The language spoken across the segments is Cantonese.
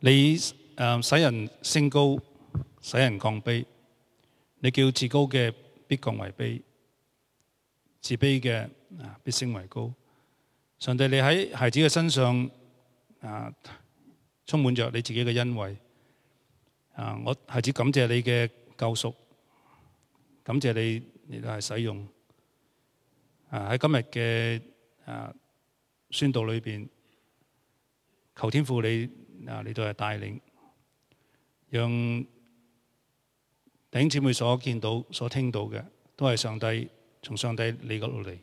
你使人升高，使人降卑。你叫自高嘅必降為卑，自卑嘅啊必升為高。上帝，你喺孩子嘅身上啊充滿着你自己嘅恩惠啊！我孩子感謝你嘅救贖，感謝你的使用啊喺今日嘅啊宣道裏邊求天父你。啊！你都係帶領，讓弟兄姊妹所見到、所聽到嘅，都係上帝從上帝嚟嘅落嚟。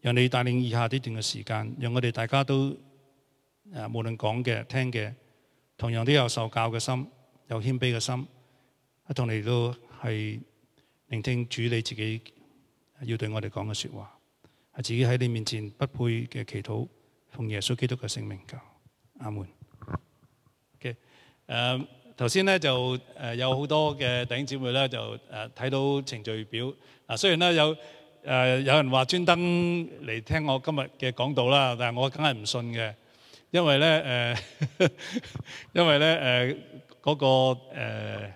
讓你帶領以下呢段嘅時間，讓我哋大家都啊，無論講嘅、聽嘅，同樣都有受教嘅心，有謙卑嘅心，一同你都係聆聽主你自己要對我哋講嘅說話，係自己喺你面前不配嘅祈禱。奉耶穌基督嘅聖名教，阿門。嘅誒，頭先咧就誒有好多嘅弟兄姊妹咧就誒睇到程序表啊。雖然咧有誒有人話專登嚟聽我今日嘅講道啦，但係我梗係唔信嘅，因為咧誒，因為咧誒嗰個誒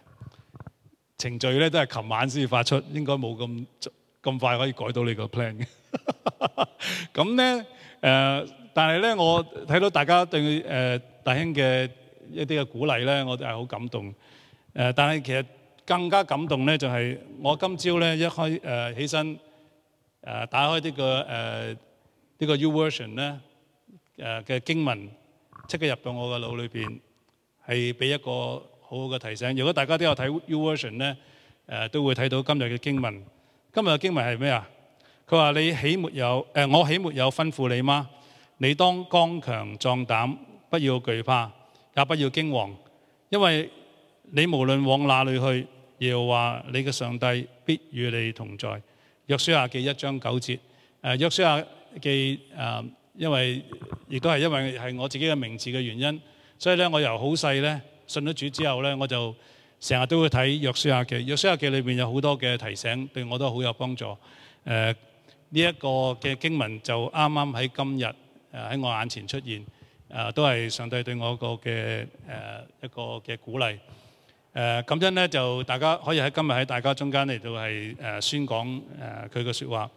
程序咧都係琴晚先發出，應該冇咁咁快可以改到你個 plan 嘅。咁咧誒。但係咧，我睇到大家對誒、呃、大兄嘅一啲嘅鼓勵咧，我都係好感動。誒、呃，但係其實更加感動咧，就係我今朝咧一開誒、呃、起身，誒、呃、打開呢、這個誒呢、呃這個 U Version 咧誒嘅經文，即刻入到我嘅腦裏邊，係俾一個好好嘅提醒。如果大家都有睇 U Version 咧，誒、呃、都會睇到今日嘅經文。今日嘅經文係咩啊？佢話你豈沒有誒、呃？我豈沒有吩咐你嗎？你當剛強壯膽，不要懼怕，也不要驚惶，因為你無論往哪裏去，耶和華你嘅上帝必與你同在。約書亞記一章九節，誒約書亞記誒，因為亦都係因為係我自己嘅名字嘅原因，所以咧我由好細咧信咗主之後咧，我就成日都會睇約書亞記。約書亞記裏邊有好多嘅提醒，對我都好有幫助。誒呢一個嘅經文就啱啱喺今日。誒喺我眼前出現，誒、啊、都係上帝對我個嘅誒一個嘅、呃、鼓勵，誒咁樣咧就大家可以喺今日喺大家中間嚟到係誒宣講誒佢嘅説話，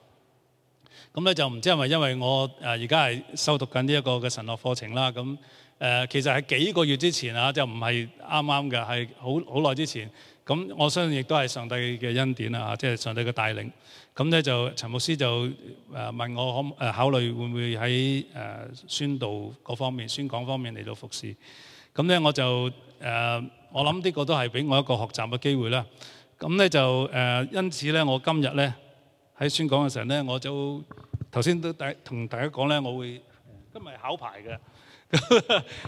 咁、嗯、咧就唔知係咪因為我誒而家係修讀緊呢一個嘅神學課程啦，咁、啊、誒、呃、其實喺幾個月之前啊，就唔係啱啱嘅，係好好耐之前，咁我相信亦都係上帝嘅恩典啊，即係上帝嘅帶領。咁咧就陳牧師就誒問我可誒考慮會唔會喺誒宣道嗰方面宣講方面嚟到服侍，咁咧我就誒我諗呢個都係俾我一個學習嘅機會啦。咁咧就誒因此咧，我今日咧喺宣講嘅時候咧，我就頭先都大同大家講咧，我會今日考牌嘅，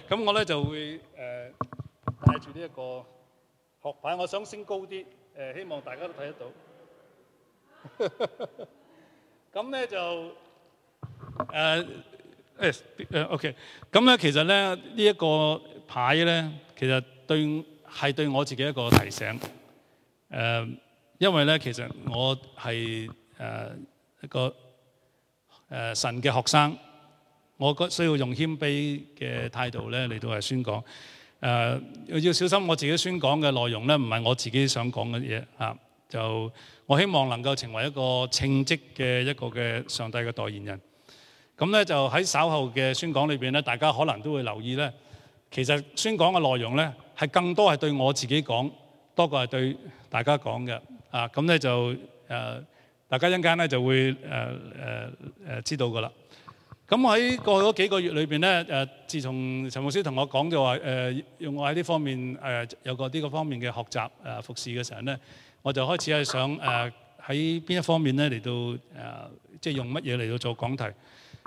咁我咧就會誒帶住呢一個學牌，我想升高啲誒，希望大家都睇得到。咁咧 就誒誒 OK 咁咧，其實咧，呢一個牌咧，其實對係對我自己一個提醒。誒、uh，因為咧，其實我係誒一個誒神嘅學生，我需需要用謙卑嘅態度咧嚟到嚟宣講。誒、uh，要小心我自己宣講嘅內容咧，唔係我自己想講嘅嘢啊。.就我希望能夠成為一個稱職嘅一個嘅上帝嘅代言人。咁咧就喺稍後嘅宣講裏邊咧，大家可能都會留意咧。其實宣講嘅內容咧係更多係對我自己講，多過係對大家講嘅啊。咁咧就誒、呃，大家一間咧就會誒誒誒知道噶啦。咁喺過去幾個月裏邊咧誒，自從陳牧師同我講就話誒，用我喺呢方面誒、呃、有過呢個這方面嘅學習誒、呃、服侍嘅時候咧。我就開始係想誒喺邊一方面咧嚟到誒、呃，即係用乜嘢嚟到做講題。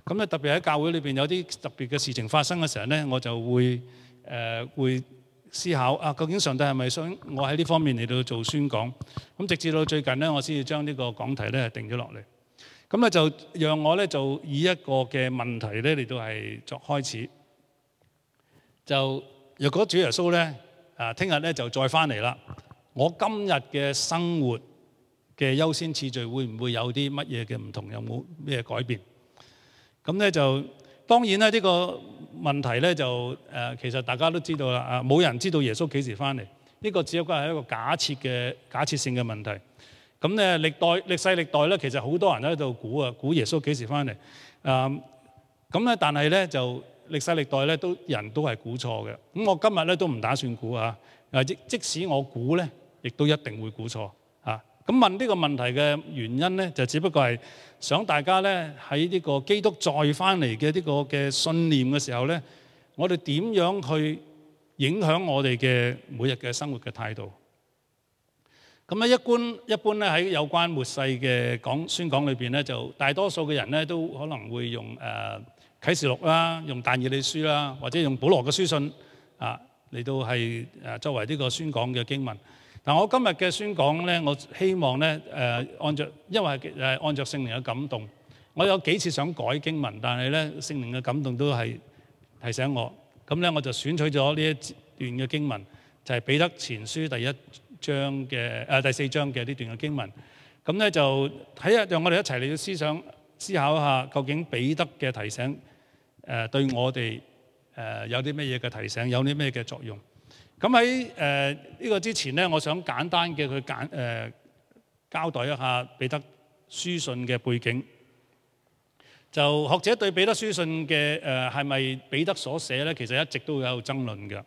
咁咧特別喺教會裏邊有啲特別嘅事情發生嘅時候咧，我就會誒、呃、會思考啊，究竟上帝係咪想我喺呢方面嚟到做宣講？咁直至到最近咧，我先至將呢個講題咧定咗落嚟。咁咧就讓我咧就以一個嘅問題咧嚟到係作開始。就若果主耶穌咧啊，聽日咧就再翻嚟啦。我今日嘅生活嘅優先次序會唔會有啲乜嘢嘅唔同？有冇咩改變？咁咧就當然咧呢個問題咧就誒、呃，其實大家都知道啦。冇人知道耶穌幾時翻嚟，呢個只不過係一個假設嘅假設性嘅問題。咁咧歷代歷世歷代咧，其實好多人喺度估啊，估耶穌幾時翻嚟。誒咁咧，但係咧就歷世歷代咧都人都係估錯嘅。咁我今日咧都唔打算估啊。誒，即即使我估咧，亦都一定會估錯嚇。咁問呢個問題嘅原因咧，就只不過係想大家咧喺呢個基督再返嚟嘅呢個嘅信念嘅時候咧，我哋點樣去影響我哋嘅每日嘅生活嘅態度？咁咧，一般一般咧喺有關末世嘅講宣講裏邊咧，就大多數嘅人咧都可能會用誒啟示錄啦、用但以理書啦，或者用保羅嘅書信啊嚟到係誒作為呢個宣講嘅經文。嗱，我今日嘅宣講咧，我希望咧，誒，按著因為誒按著聖靈嘅感動，我有幾次想改經文，但係咧聖靈嘅感動都係提醒我，咁咧我就選取咗呢一段嘅經文，就係彼得前書第一章嘅誒第四章嘅呢段嘅經文，咁咧就睇下，讓我哋一齊嚟到思想思考下，究竟彼得嘅提醒誒對我哋誒有啲咩嘢嘅提醒，有啲咩嘅作用？咁喺誒呢個之前咧，我想簡單嘅去簡誒、呃、交代一下彼得書信嘅背景。就學者對彼得書信嘅誒係咪彼得所寫咧，其實一直都有爭論嘅。誒、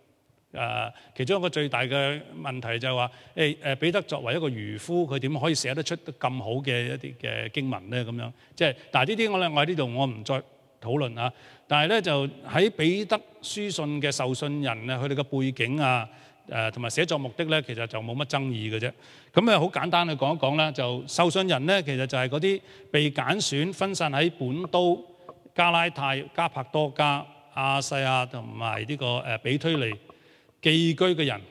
呃，其中一個最大嘅問題就係話誒誒彼得作為一個漁夫，佢點可以寫得出咁好嘅一啲嘅經文咧？咁樣即係，但係呢啲我咧，我喺呢度我唔再討論啊。但係咧，就喺彼得書信嘅受信人咧，佢哋嘅背景啊，誒同埋寫作目的咧，其實就冇乜爭議嘅啫。咁啊，好簡單去講一講啦，就受信人咧，其實就係嗰啲被揀選、分散喺本都、加拉太、加帕多家、亞細亞同埋呢個誒、呃、比推尼寄居嘅人，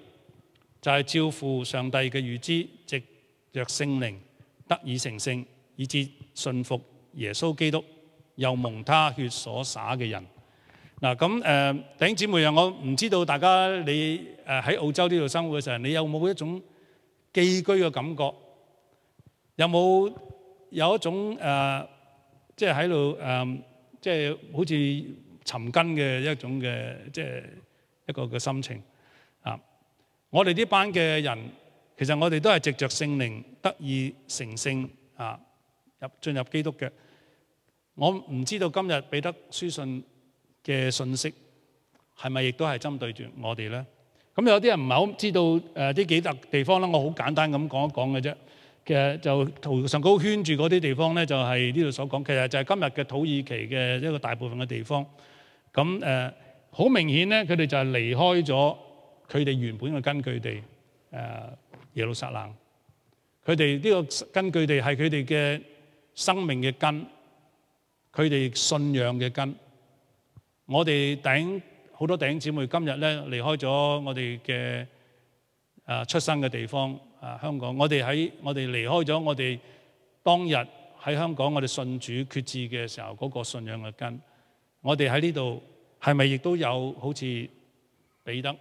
就係、是、照父上帝嘅預知，藉著聖靈得以成聖，以致信服耶穌基督。又蒙他血所灑嘅人嗱，咁誒弟兄姊妹啊，我唔知道大家你誒喺澳洲呢度生活嘅時候，你有冇一種寄居嘅感覺？有冇有一種誒，即係喺度誒，即係誒，即係好似尋根嘅一種嘅，即係一個嘅心情啊？我哋呢班嘅人，其實我哋都係藉着聖靈得以成聖啊，入、呃、進入基督嘅。我唔知道今日彼得書信嘅信息係咪亦都係針對住我哋咧？咁有啲人唔係好知道誒呢幾笪地方啦，我好簡單咁講一講嘅啫。其實就圖上高圈住嗰啲地方咧，就係呢度所講。其實就係今日嘅土耳其嘅一個大部分嘅地方。咁誒好明顯咧，佢哋就係離開咗佢哋原本嘅根據地誒耶路撒冷。佢哋呢個根據地係佢哋嘅生命嘅根。佢哋信仰嘅根，我哋頂好多頂姊妹今日咧離開咗我哋嘅啊出生嘅地方啊香港，我哋喺我哋離開咗我哋當日喺香港我哋信主決志嘅時候嗰個信仰嘅根，我哋喺呢度係咪亦都有好似彼得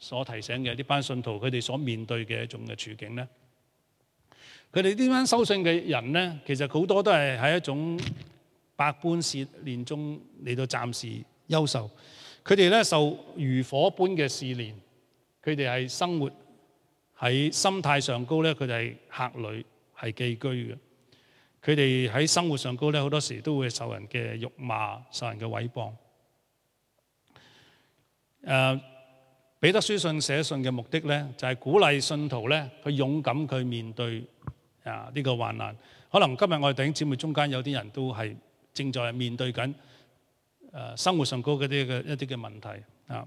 所提醒嘅呢班信徒佢哋所面對嘅一種嘅處境咧？佢哋呢班收信嘅人咧，其實好多都係喺一種。百般試煉中嚟到暫時憂愁，佢哋咧受如火般嘅試煉，佢哋係生活喺心態上高咧，佢哋係客旅，係寄居嘅。佢哋喺生活上高咧，好多時都會受人嘅辱罵，受人嘅毀謗。誒、呃，彼得書信寫信嘅目的咧，就係、是、鼓勵信徒咧去勇敢去面對啊呢、呃這個患難。可能今日我哋弟兄姊妹中間有啲人都係。正在面對緊誒生活上高啲嘅一啲嘅問題啊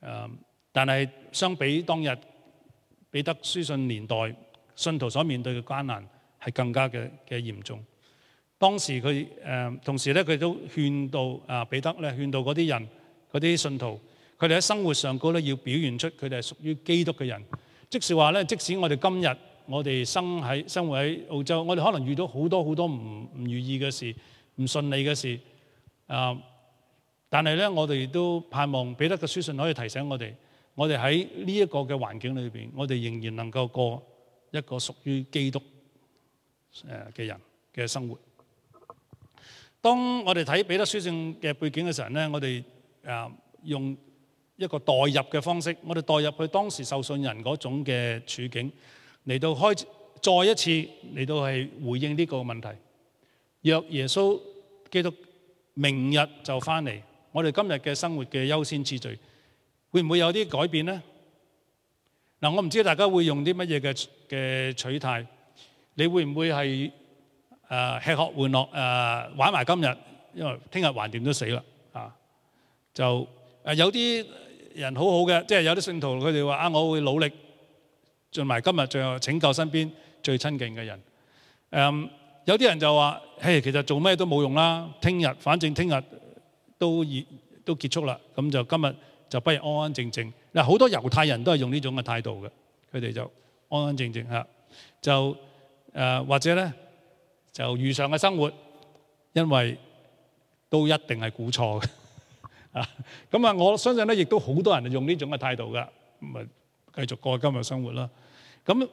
誒，但係相比當日彼得書信年代信徒所面對嘅艱難係更加嘅嘅嚴重。當時佢誒同時咧，佢都勸導啊彼得咧，勸導嗰啲人、嗰啲信徒，佢哋喺生活上高咧要表現出佢哋係屬於基督嘅人。即是話咧，即使我哋今日我哋生喺生活喺澳洲，我哋可能遇到好多好多唔唔如意嘅事，唔順利嘅事，啊！但係咧，我哋都盼望彼得嘅書信可以提醒我哋，我哋喺呢一個嘅環境裏邊，我哋仍然能夠過一個屬於基督誒嘅人嘅生活。當我哋睇彼得書信嘅背景嘅時候咧，我哋啊用一個代入嘅方式，我哋代入去當時受信人嗰種嘅處境，嚟到開再一次嚟到係回應呢個問題。若耶穌基督明日就翻嚟，我哋今日嘅生活嘅優先次序，會唔會有啲改變呢？嗱，我唔知大家會用啲乜嘢嘅嘅取態，你會唔會係誒吃喝玩樂誒玩埋今日，因為聽日橫掂都死啦啊！就誒有啲人好好嘅，即係有啲信徒佢哋話啊，我會努力盡埋今日，最後拯救身邊最親近嘅人。嗯。有啲人就話：嘿，其實做咩都冇用啦。聽日反正聽日都已都結束啦，咁就今日就不如安安靜靜。嗱，好多猶太人都係用呢種嘅態度嘅，佢哋就安安靜靜吓，就誒、呃、或者咧就如常嘅生活，因為都一定係估錯嘅啊。咁啊，我相信咧，亦都好多人用呢種嘅態度㗎，咁啊繼續過去今日生活啦。咁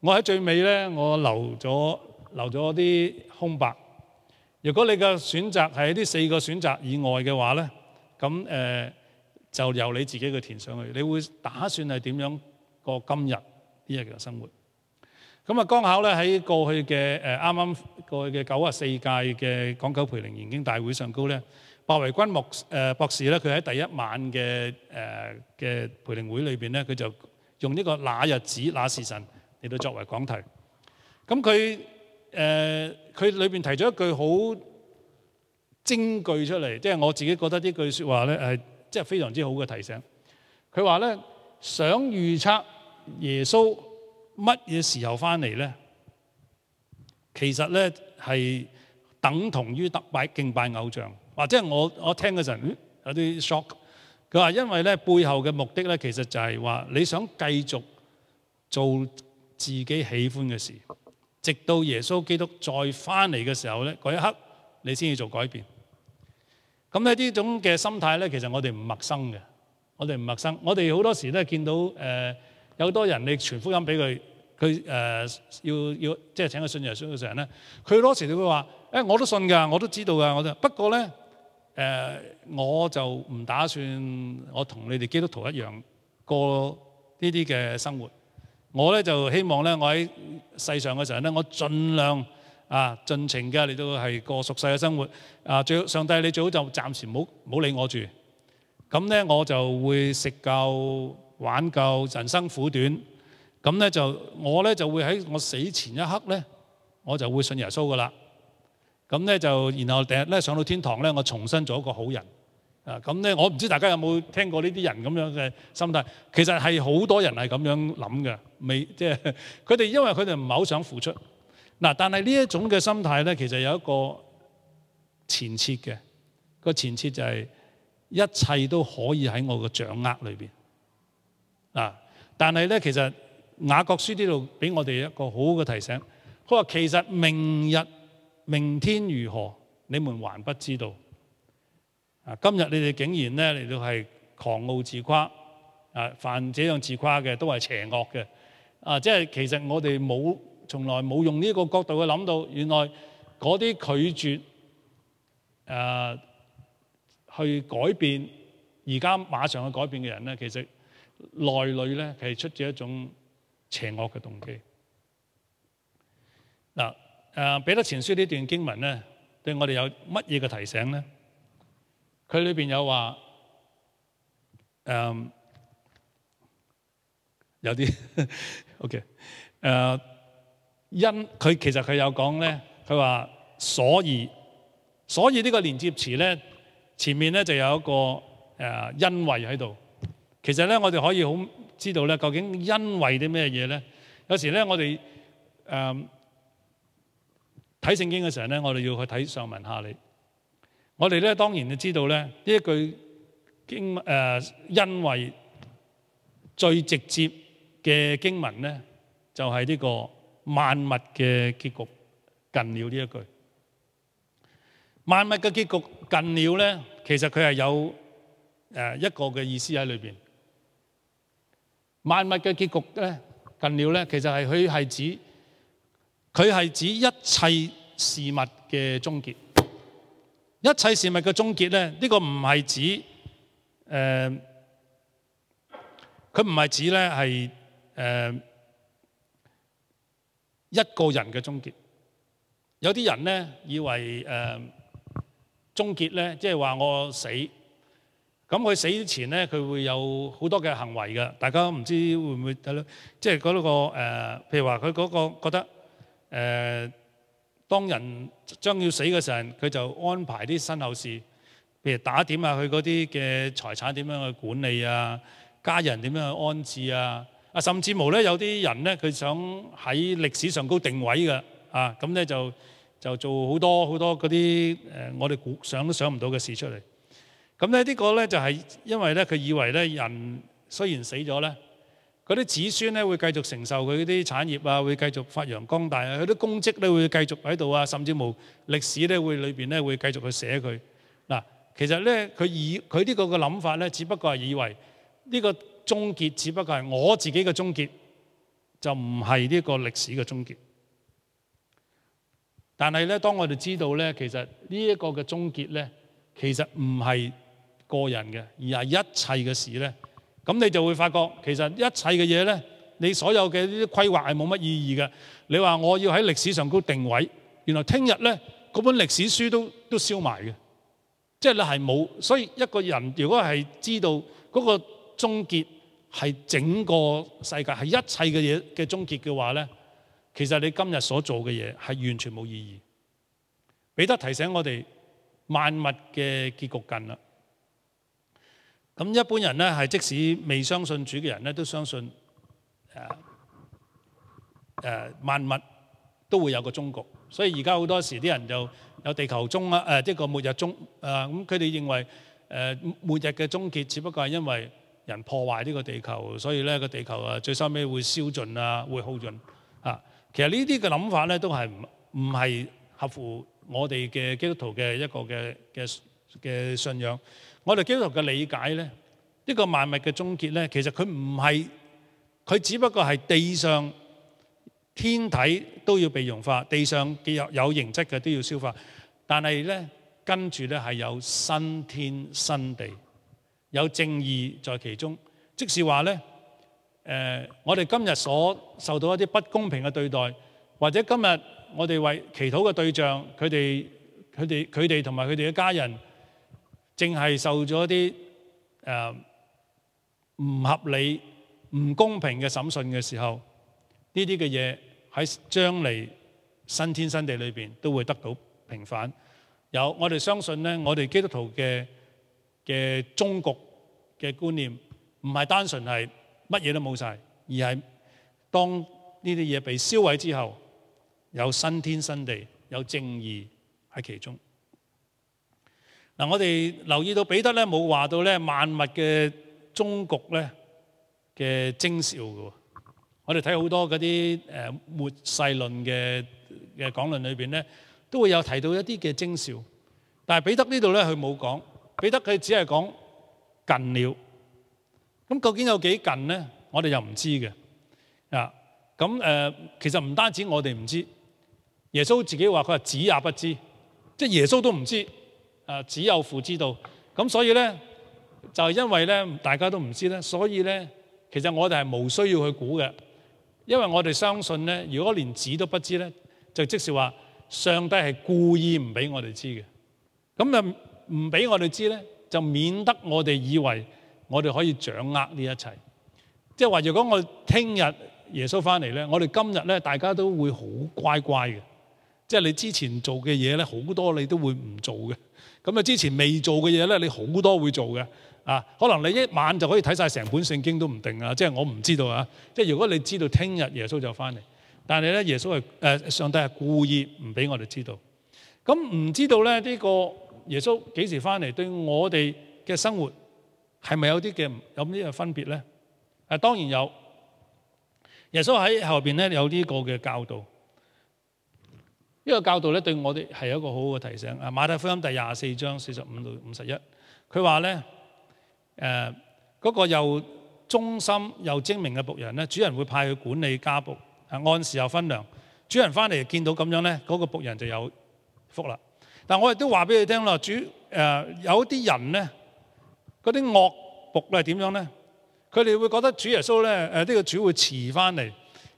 我喺最尾咧，我留咗。留咗啲空白。如果你嘅選擇係喺呢四個選擇以外嘅話咧，咁誒就由你自己嘅填上去。你會打算係點樣過今日呢一日嘅生活？咁啊，剛巧咧喺過去嘅誒啱啱過去嘅九十四屆嘅港九培靈研經大會上高咧，白維君木誒博士咧，佢喺第一晚嘅誒嘅培靈會裏邊咧，佢就用呢個那日子那時辰嚟到作為講題。咁佢。誒，佢裏邊提咗一句好精句出嚟，即係我自己覺得呢句説話咧，誒，即係非常之好嘅提醒。佢話咧，想預測耶穌乜嘢時候翻嚟咧，其實咧係等同於特拜敬拜偶像，或者係我，我聽嗰陣有啲 shock。佢話因為咧背後嘅目的咧，其實就係話你想繼續做自己喜歡嘅事。直到耶穌基督再翻嚟嘅時候咧，嗰一刻你先要做改變。咁咧呢種嘅心態咧，其實我哋唔陌生嘅，我哋唔陌生。我哋好多時都係見到誒有多人你傳福音俾佢，佢誒要要即係請佢信耶穌嘅時候咧，佢好多時就會話：誒我都信㗎，我都知道㗎，我就不過咧誒我就唔打算我同你哋基督徒一樣過呢啲嘅生活。我咧就希望咧，我喺世上嘅時候咧，我盡量啊盡情嘅嚟到係過俗世嘅生活啊！最好上帝，你最好就暫時唔好冇理我住咁咧，我就會食夠玩夠，人生苦短咁咧就我咧就會喺我死前一刻咧，我就會信耶穌噶啦咁咧就然後第日咧上到天堂咧，我重新做一個好人。啊，咁咧，我唔知大家有冇聽過呢啲人咁樣嘅心態。其實係好多人係咁樣諗嘅，未即係佢哋因為佢哋唔係好想付出。嗱，但係呢一種嘅心態咧，其實有一個前設嘅。個前設就係一切都可以喺我嘅掌握裏邊。嗱，但係咧，其實雅各書呢度俾我哋一個好好嘅提醒。佢話其實明日、明天如何，你們還不知道。啊！今日你哋竟然咧嚟到係狂傲自誇，啊！凡這樣自誇嘅都係邪惡嘅。啊！即係其實我哋冇從來冇用呢個角度去諗到，原來嗰啲拒絕誒、啊、去改變而家馬上去改變嘅人咧，其實內裏咧係出自一種邪惡嘅動機。嗱、啊，誒、啊、彼得前書呢段經文咧，對我哋有乜嘢嘅提醒咧？佢裏邊有話，誒、嗯、有啲 OK，誒因佢其實佢有講咧，佢話所以，所以呢個連接詞咧，前面咧就有一個誒因為喺度。其實咧，我哋可以好知道咧，究竟因為啲咩嘢咧？有時咧，我哋誒睇聖經嘅時候咧，我哋要去睇上文下理。我哋咧當然就知道咧呢一句經誒，因為最直接嘅經文咧，就係呢個萬物嘅結局近了呢一句。萬物嘅結局近了咧，其實佢係有誒一個嘅意思喺裏邊。萬物嘅結局咧近了咧，其實係佢係指佢係指一切事物嘅終結。一切事物嘅終結咧，呢、呢個唔係指誒，佢唔係指咧係誒一個人嘅終結。有啲人咧以為誒終、呃、結咧，即係話我死。咁佢死之前咧，佢會有好多嘅行為嘅。大家唔知會唔會睇到，即係嗰、嗰個、呃、譬如話佢嗰個覺得誒。呃當人將要死嘅時候，佢就安排啲身後事，譬如打點下佢嗰啲嘅財產點樣去管理啊，家人點樣去安置啊，啊甚至乎咧有啲人咧，佢想喺歷史上高定位嘅，啊咁咧就就做好多好多嗰啲誒，我哋想都想唔到嘅事出嚟。咁咧呢個咧就係因為咧佢以為咧人雖然死咗咧。有啲子孫咧會繼續承受佢啲產業啊，會繼續發揚光大啊，佢啲功績咧會繼續喺度啊，甚至冇歷史咧會裏邊咧會繼續去寫佢嗱。其實咧，佢以佢呢個嘅諗法咧，只不過係以為呢個終結，只不過係我自己嘅終結，就唔係呢個歷史嘅終結。但係咧，當我哋知道咧，其實呢一個嘅終結咧，其實唔係個人嘅，而係一切嘅事咧。咁你就會發覺，其實一切嘅嘢呢，你所有嘅呢啲規劃係冇乜意義嘅。你話我要喺歷史上高定位，原來聽日呢嗰本歷史書都都燒埋嘅，即係你係冇。所以一個人如果係知道嗰個終結係整個世界係一切嘅嘢嘅終結嘅話呢，其實你今日所做嘅嘢係完全冇意義。彼得提醒我哋，萬物嘅結局近啦。咁一般人咧係即使未相信主嘅人咧，都相信誒誒、啊啊、萬物都會有個終局。所以而家好多時啲人就有地球終啊誒，即、這、係個末日終啊咁。佢哋認為誒、啊、末日嘅終結，只不過係因為人破壞呢個地球，所以咧個地球啊最收尾會消盡啊，會耗盡啊。其實這些想呢啲嘅諗法咧，都係唔唔係合乎我哋嘅基督徒嘅一個嘅嘅嘅信仰。我哋基督徒嘅理解咧，呢個萬物嘅終結咧，其實佢唔係，佢只不過係地上天體都要被融化，地上嘅有有形質嘅都要消化，但係咧跟住咧係有新天新地，有正義在其中。即使話咧，誒，我哋今日所受到一啲不公平嘅對待，或者今日我哋為祈禱嘅對象，佢哋佢哋佢哋同埋佢哋嘅家人。淨係受咗啲誒唔合理、唔公平嘅審訊嘅時候，呢啲嘅嘢喺將嚟新天新地裏邊都會得到平反。有我哋相信咧，我哋基督徒嘅嘅終局嘅觀念唔係單純係乜嘢都冇晒，而係當呢啲嘢被消毀之後，有新天新地，有正義喺其中。嗱，我哋留意到彼得咧冇話到咧萬物嘅終局咧嘅徵兆嘅喎，我哋睇好多嗰啲誒《末世論》嘅嘅講論裏邊咧，都會有提到一啲嘅徵兆。但係彼得呢度咧佢冇講，彼得佢只係講近了，咁究竟有幾近咧？我哋又唔知嘅，啊，咁誒其實唔單止我哋唔知，耶穌自己話佢係子也不知，即係耶穌都唔知。啊！只有父知道，咁所以呢，就係因為呢，大家都唔知呢。所以呢，其實我哋係無需要去估嘅，因為我哋相信呢，如果連子都不知呢，就即是話上帝係故意唔俾我哋知嘅。咁啊，唔俾我哋知呢，就免得我哋以為我哋可以掌握呢一切。即係話，如果我聽日耶穌翻嚟呢，我哋今日呢，大家都會好乖乖嘅。即係你之前做嘅嘢呢，好多你都會唔做嘅。咁啊！之前未做嘅嘢咧，你好多會做嘅啊！可能你一晚就可以睇晒成本聖經都唔定啊！即係我唔知道啊！即係如果你知道聽日耶穌就翻嚟，但係咧，耶穌係誒，上帝係故意唔俾我哋知道。咁唔知道咧，呢個耶穌幾時翻嚟，對我哋嘅生活係咪有啲嘅有啲嘅分別咧？啊，當然有，耶穌喺後邊咧有呢個嘅教導。呢個教導咧對我哋係一個好好嘅提醒。啊，馬太福音第廿四章四十五到五十一，佢話咧誒嗰個又忠心又精明嘅僕人咧，主人會派去管理家僕，係按時又分糧。主人翻嚟見到咁樣咧，嗰、嗰個僕人就有福啦。但我亦都話俾你聽啦，主誒、呃、有啲人咧，嗰啲惡僕係點樣咧？佢哋會覺得主耶穌咧誒呢、呢個主會遲翻嚟，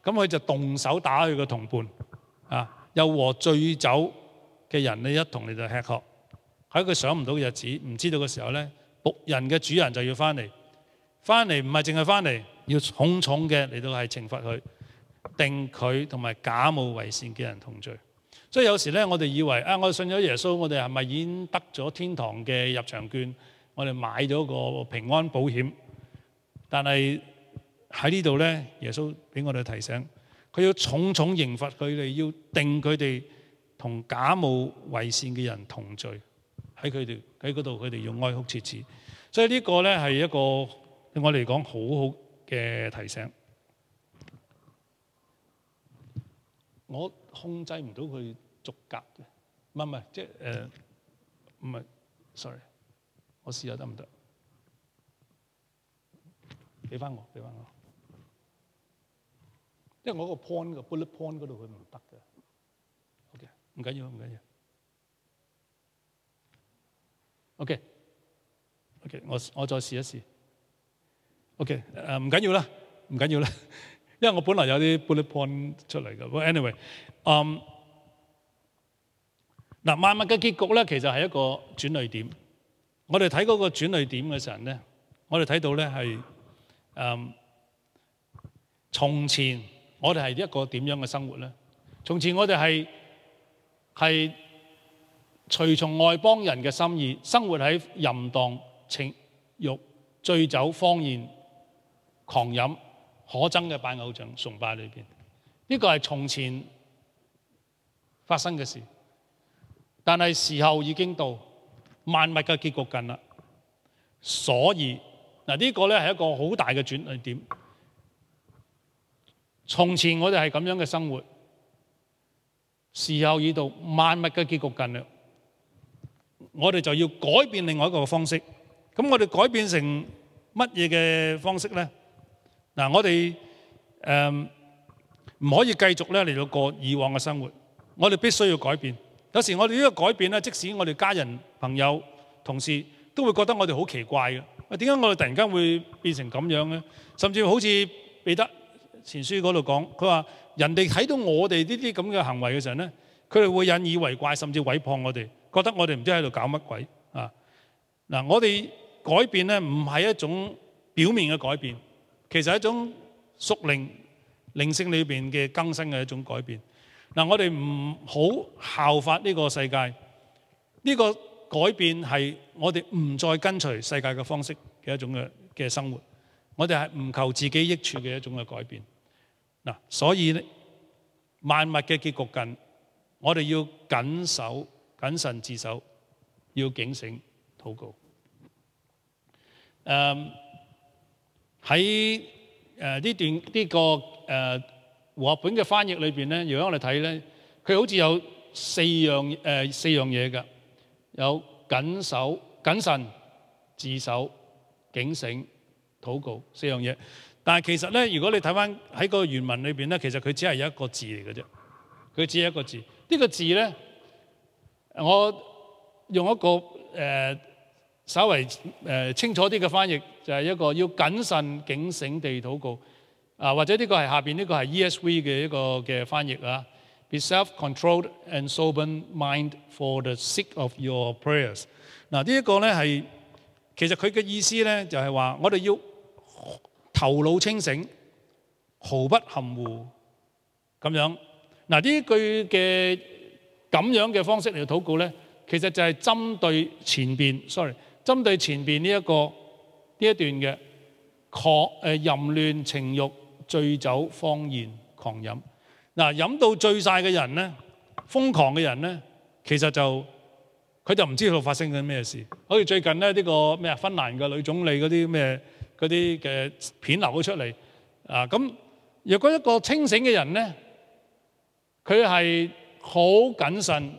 咁佢就動手打佢個同伴。又和醉酒嘅人呢，你一同嚟就吃喝，喺佢想唔到嘅日子，唔知道嘅時候呢，僕人嘅主人就要翻嚟，翻嚟唔係淨係翻嚟，要重重嘅嚟到係懲罰佢，定佢同埋假冒為善嘅人同罪。所以有時呢，我哋以為啊，我信咗耶穌，我哋係咪已經得咗天堂嘅入場券？我哋買咗個平安保險，但係喺呢度呢，耶穌俾我哋提醒。佢要重重刑罰佢哋，要定佢哋同假冒為善嘅人同罪，喺佢哋喺嗰度，佢哋要哀哭切齒。所以這個呢個咧係一個對我嚟講好好嘅提醒。我控制唔到佢逐格嘅，唔係唔係，即係誒，唔，呃，唔係，sorry，我試下得唔得？畀返我，畀返我。因為我個 point 個 bullet point 嗰度佢唔得嘅，OK，唔緊要唔緊要，OK，OK，我我再試一試，OK，誒唔緊要啦唔緊要啦，因為我本來有啲 bullet point 出嚟嘅，Anyway，嗱萬物嘅結局咧，其實係一個轉捩點，我哋睇嗰個轉捩點嘅時候咧，我哋睇到咧係誒從前。我哋係一個點樣嘅生活咧？從前我哋係係隨從外邦人嘅心意，生活喺淫蕩、情欲、醉酒、荒宴、狂飲、可憎嘅拜偶像、崇拜裏邊。呢個係從前發生嘅事，但係時候已經到，萬物嘅結局近啦。所以嗱，呢個咧係一個好大嘅轉捩點。從前我哋係咁樣嘅生活，時候已到，萬物嘅結局近了，我哋就要改變另外一個方式。咁我哋改變成乜嘢嘅方式咧？嗱，我哋誒唔可以繼續咧嚟到過以往嘅生活，我哋必須要改變。有時我哋呢個改變咧，即使我哋家人、朋友、同事都會覺得我哋好奇怪嘅。點解我哋突然間會變成咁樣咧？甚至好似彼得前書嗰度講，佢話人哋睇到我哋呢啲咁嘅行為嘅時候咧，佢哋會引以為怪，甚至毀謗我哋，覺得我哋唔知喺度搞乜鬼啊！嗱，我哋改變咧唔係一種表面嘅改變，其實係一種屬靈靈性裏邊嘅更新嘅一種改變。嗱，我哋唔好效法呢個世界，呢個改變係我哋唔再跟隨世界嘅方式嘅一種嘅嘅生活。我哋係唔求自己益處嘅一種嘅改變。嗱，所以咧，萬物嘅結局近，我哋要謹守、謹慎、自守，要警醒、禱告。誒喺誒呢段呢、呢個誒和、uh, 本嘅翻譯裏邊咧，如果我哋睇咧，佢好似有四樣誒、呃、四樣嘢嘅，有謹守、謹慎、自守、警醒、禱告四樣嘢。但係其實咧，如果你睇翻喺個原文裏面咧，其實佢只係一個字嚟嘅啫。佢只係一個字。呢、這個字咧，我用一個、呃、稍微、呃、清楚啲嘅翻譯，就係、是、一個要謹慎警醒地禱告啊，或者呢個係下面呢、這個係 ESV 嘅一個嘅翻譯啊。Be self-controlled and sober mind for the sake of your prayers。嗱、啊，這個、呢一個咧係其實佢嘅意思咧就係、是、話我哋要。頭腦清醒，毫不含糊咁樣。嗱，呢句嘅咁樣嘅方式嚟到禱告咧，其實就係針對前邊，sorry，針對前邊呢一個呢一段嘅確誒淫亂情慾、醉酒荒宴、狂飲。嗱、呃，飲到醉晒嘅人咧，瘋狂嘅人咧，其實就佢就唔知道發生緊咩事。好似最近咧呢、這個咩啊，芬蘭嘅女總理嗰啲咩？嗰啲嘅片留咗出嚟啊！咁若果一個清醒嘅人咧，佢係好謹慎、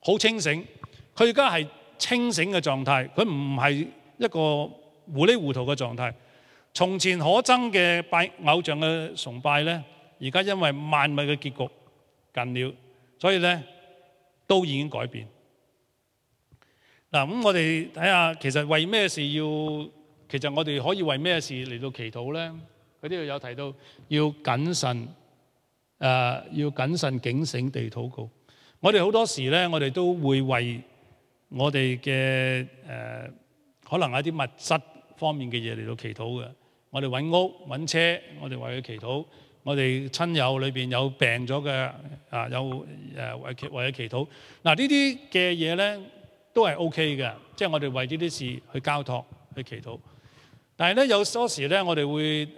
好清醒，佢而家係清醒嘅狀態，佢唔係一個糊裏糊塗嘅狀態。從前可憎嘅拜偶像嘅崇拜咧，而家因為萬物嘅結局近了，所以咧都已經改變。嗱，咁我哋睇下，其實為咩事要？其實我哋可以為咩事嚟到祈禱咧？佢呢度有提到要謹慎、呃，要謹慎警醒地禱告。我哋好多時咧，我哋都會為我哋嘅、呃、可能一啲物質方面嘅嘢嚟到祈禱嘅。我哋揾屋揾車，我哋為佢祈禱。我哋親友裏邊有病咗嘅啊，有誒、呃、為祈佢祈禱。嗱、呃、呢啲嘅嘢咧都係 O K 嘅，即係我哋為呢啲事去交託去祈禱。但係咧，有多時咧，我哋會誒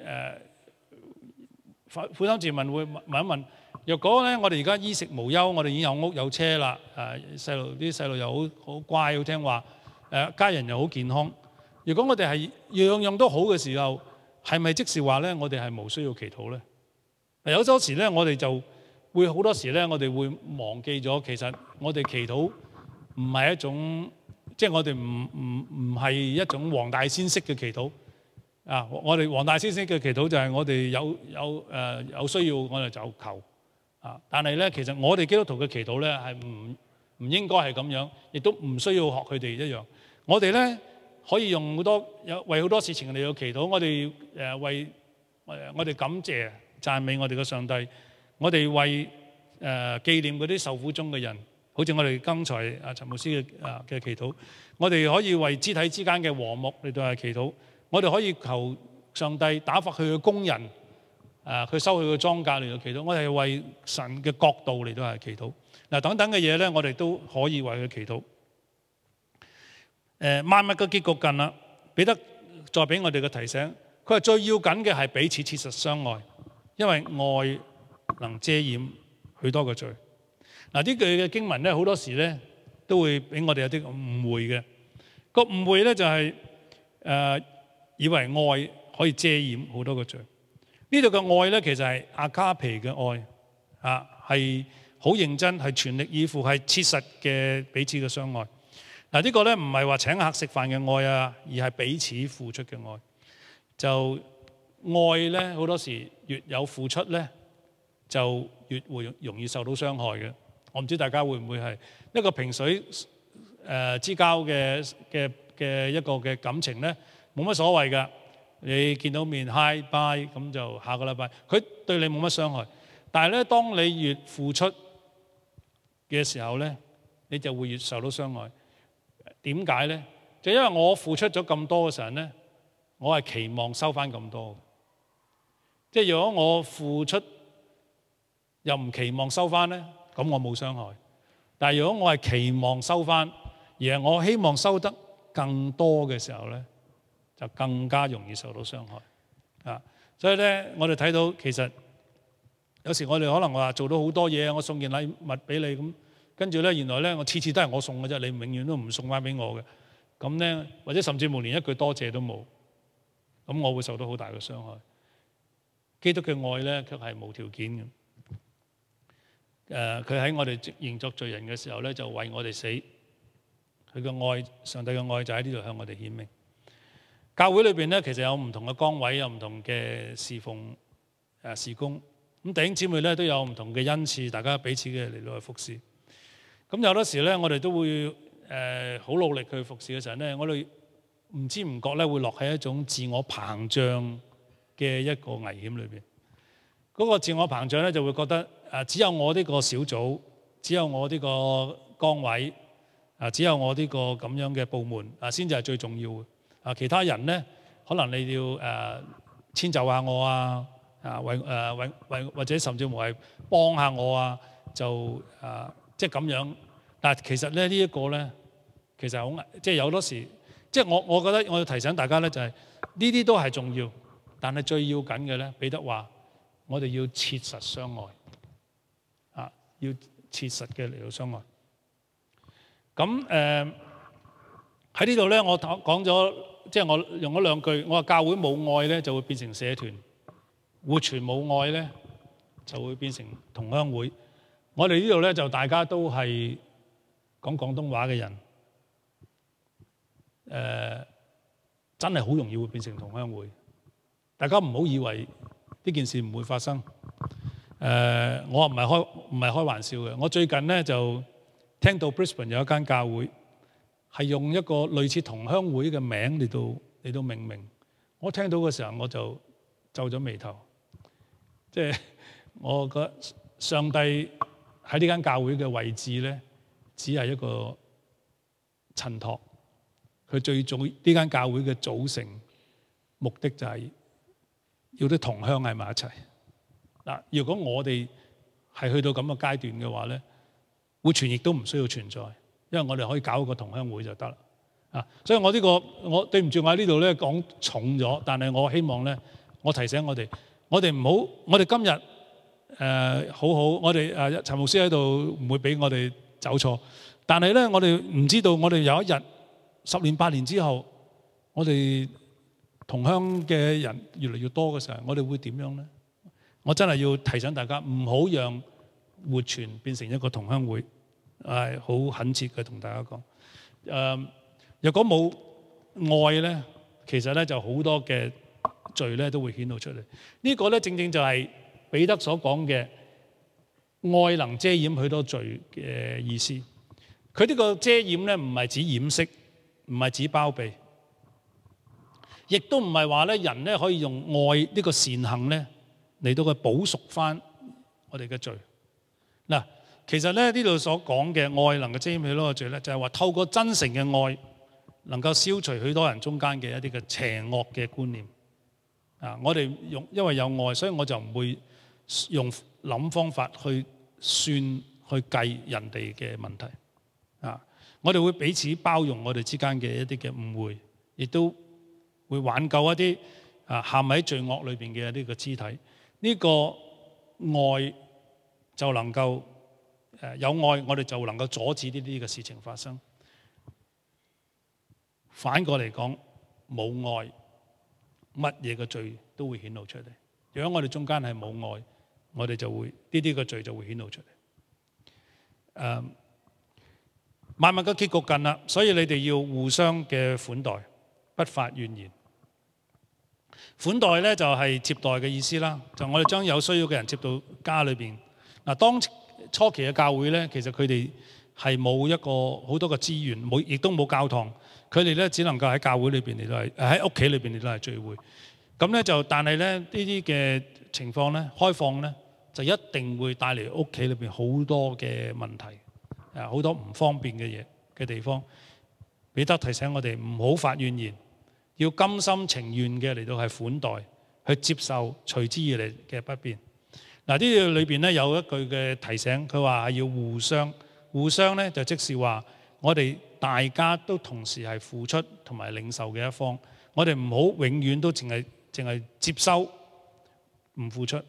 負、呃、心自問，會問一問：若果咧，我哋而家衣食無憂，我哋已經有屋有車啦，誒細路啲細路又好好乖，好聽話，誒、呃、家人又好健康。如果我哋係樣樣都好嘅時候，係咪即時話咧？我哋係無需要祈禱咧？有時呢多時咧，我哋就會好多時咧，我哋會忘記咗其實我哋祈禱唔係一種，即、就、係、是、我哋唔唔唔係一種黃大仙式嘅祈禱。啊！我哋黃大先生嘅祈禱就係我哋有有誒、呃、有需要，我哋就求啊！但係咧，其實我哋基督徒嘅祈禱咧係唔唔應該係咁樣，亦都唔需要學佢哋一樣。我哋咧可以用好多有為好多事情嚟到祈禱，我哋誒、呃、為誒我哋感謝讚美我哋嘅上帝，我哋為誒紀、呃、念嗰啲受苦中嘅人，好似我哋剛才阿陳牧師嘅啊嘅祈禱，我哋可以為肢體之間嘅和睦嚟到嚟祈禱。我哋可以求上帝打發佢嘅工人，誒、啊、佢收佢嘅莊稼嚟到祈禱。我哋係為神嘅角度嚟到係祈禱。嗱、啊、等等嘅嘢咧，我哋都可以為佢祈禱。誒、啊，萬物嘅結局近啦，彼得再俾我哋嘅提醒。佢話最要緊嘅係彼此切實相愛，因為愛能遮掩許多嘅罪。嗱、啊，呢句嘅經文咧，好多時咧都會俾我哋有啲誤會嘅。這個誤會咧就係、是、誒。呃以為愛可以遮掩好多個罪。呢度嘅愛呢，其實係阿卡皮嘅愛啊，係好認真，係全力以赴，係切實嘅彼此嘅相愛。嗱，呢個呢，唔係話請客食飯嘅愛啊，而係彼此付出嘅愛。就愛呢，好多時越有付出呢，就越會容易受到傷害嘅。我唔知大家會唔會係一個萍水誒之交嘅嘅嘅一個嘅感情呢？冇乜所謂㗎，你見到面 hi bye 咁，就下個禮拜，佢對你冇乜傷害。但係咧，當你越付出嘅時候咧，你就會越受到傷害。點解咧？就因為我付出咗咁多嘅時候咧，我係期望收返咁多嘅。即係如果我付出又唔期望收返咧，咁我冇傷害。但係如果我係期望收返，而係我希望收得更多嘅時候咧。就更加容易受到傷害啊！所以咧，我哋睇到其實有時我哋可能話做到好多嘢，我送件禮物俾你咁，跟住咧原來咧我次次都係我送嘅啫，你永遠都唔送翻俾我嘅。咁咧，或者甚至無連一句多謝都冇，咁我會受到好大嘅傷害。基督嘅愛咧，卻係無條件嘅。誒，佢喺我哋認作罪人嘅時候咧，就為我哋死。佢嘅愛，上帝嘅愛，就喺呢度向我哋顯明。教會裏邊咧，其實有唔同嘅崗位，有唔同嘅侍奉、誒、呃、事工。咁弟兄姊妹咧都有唔同嘅恩賜，大家彼此嘅嚟到去服侍。咁有啲時咧，我哋都會誒好、呃、努力去服侍嘅時候咧，我哋唔知唔覺咧會落喺一種自我膨脹嘅一個危險裏邊。嗰、那個自我膨脹咧就會覺得誒、呃、只有我呢個小組，只有我呢個崗位，啊、呃、只有我呢個咁樣嘅部門啊先至係最重要嘅。啊，其他人咧，可能你要誒、呃、遷就下我啊，啊、呃，為誒為為或者甚至乎係幫下我啊，就啊、呃，即係咁樣。但係其實咧，這個、呢一個咧，其實好即係有好多時，即係我我覺得我要提醒大家咧，就係呢啲都係重要，但係最要緊嘅咧，彼得話，我哋要切實相愛啊，要切實嘅嚟到相愛。咁誒喺呢度咧，我講講咗。即係我用咗兩句，我話教會冇愛咧就會變成社團，活存冇愛咧就會變成同鄉會。我哋呢度咧，就大家都係講廣東話嘅人，誒、呃、真係好容易會變成同鄉會，大家唔好以為呢件事唔會發生。誒、呃、我唔係開唔係開玩笑嘅。我最近咧就聽到 Brisbane 有一間教會。係用一個類似同鄉會嘅名嚟到嚟到命名，我聽到嘅時候我就皺咗眉頭。即係我覺得上帝喺呢間教會嘅位置咧，只係一個襯托。佢最早呢間教會嘅組成目的就係要啲同鄉喺埋一齊。嗱，如果我哋係去到咁嘅階段嘅話咧，活泉亦都唔需要存在。因為我哋可以搞一個同鄉會就得啦，啊！所以我，、這個、我，我這呢個我對唔住我喺呢度咧講重咗，但係我希望咧，我提醒我哋，我哋唔好，我哋今日誒、呃、好好，我哋誒陳牧師喺度唔會俾我哋走錯，但係咧我哋唔知道我哋有一日十年八年之後，我哋同鄉嘅人越嚟越多嘅時候，我哋會點樣咧？我真係要提醒大家，唔好讓活泉變成一個同鄉會。係好懇切嘅，同大家講。誒，若果冇愛咧，其實咧就好多嘅罪咧都會顯露出嚟。呢、這個咧正正就係彼得所講嘅愛能遮掩許多罪嘅意思。佢呢個遮掩咧唔係指掩飾，唔係指包庇，亦都唔係話咧人咧可以用愛呢個善行咧嚟到去補贖翻我哋嘅罪。嗱。其實咧，呢度所講嘅愛能夠遮掩許多罪咧，就係話透過真誠嘅愛，能夠消除許多人中間嘅一啲嘅邪惡嘅觀念啊。我哋用因為有愛，所以我就唔會用諗方法去算去計人哋嘅問題啊。我哋會彼此包容我哋之間嘅一啲嘅誤會，亦都會挽救一啲啊陷喺罪惡裏面嘅呢個肢體。呢個愛就能夠。誒有愛，我哋就能夠阻止呢啲嘅事情發生。反過嚟講，冇愛，乜嘢嘅罪都會顯露出嚟。如果我哋中間係冇愛，我哋就會呢啲嘅罪就會顯露出嚟。誒、嗯，萬物嘅結局近啦，所以你哋要互相嘅款待，不發怨言。款待咧就係、是、接待嘅意思啦，就是、我哋將有需要嘅人接到家裏邊。嗱當初期嘅教會呢，其實佢哋係冇一個好多嘅資源，冇亦都冇教堂，佢哋呢，只能夠喺教會裏邊，亦都係喺屋企裏邊，亦都係聚會。咁呢，就，但係呢呢啲嘅情況呢，開放呢，就一定會帶嚟屋企裏邊好多嘅問題，啊好多唔方便嘅嘢嘅地方。彼得提醒我哋唔好發怨言，要甘心情願嘅嚟到係款待，去接受隨之而嚟嘅不便。嗱，呢度裏邊咧有一句嘅提醒，佢話係要互相互相咧，就即是話我哋大家都同時係付出同埋領受嘅一方。我哋唔好永遠都淨係淨係接收唔付出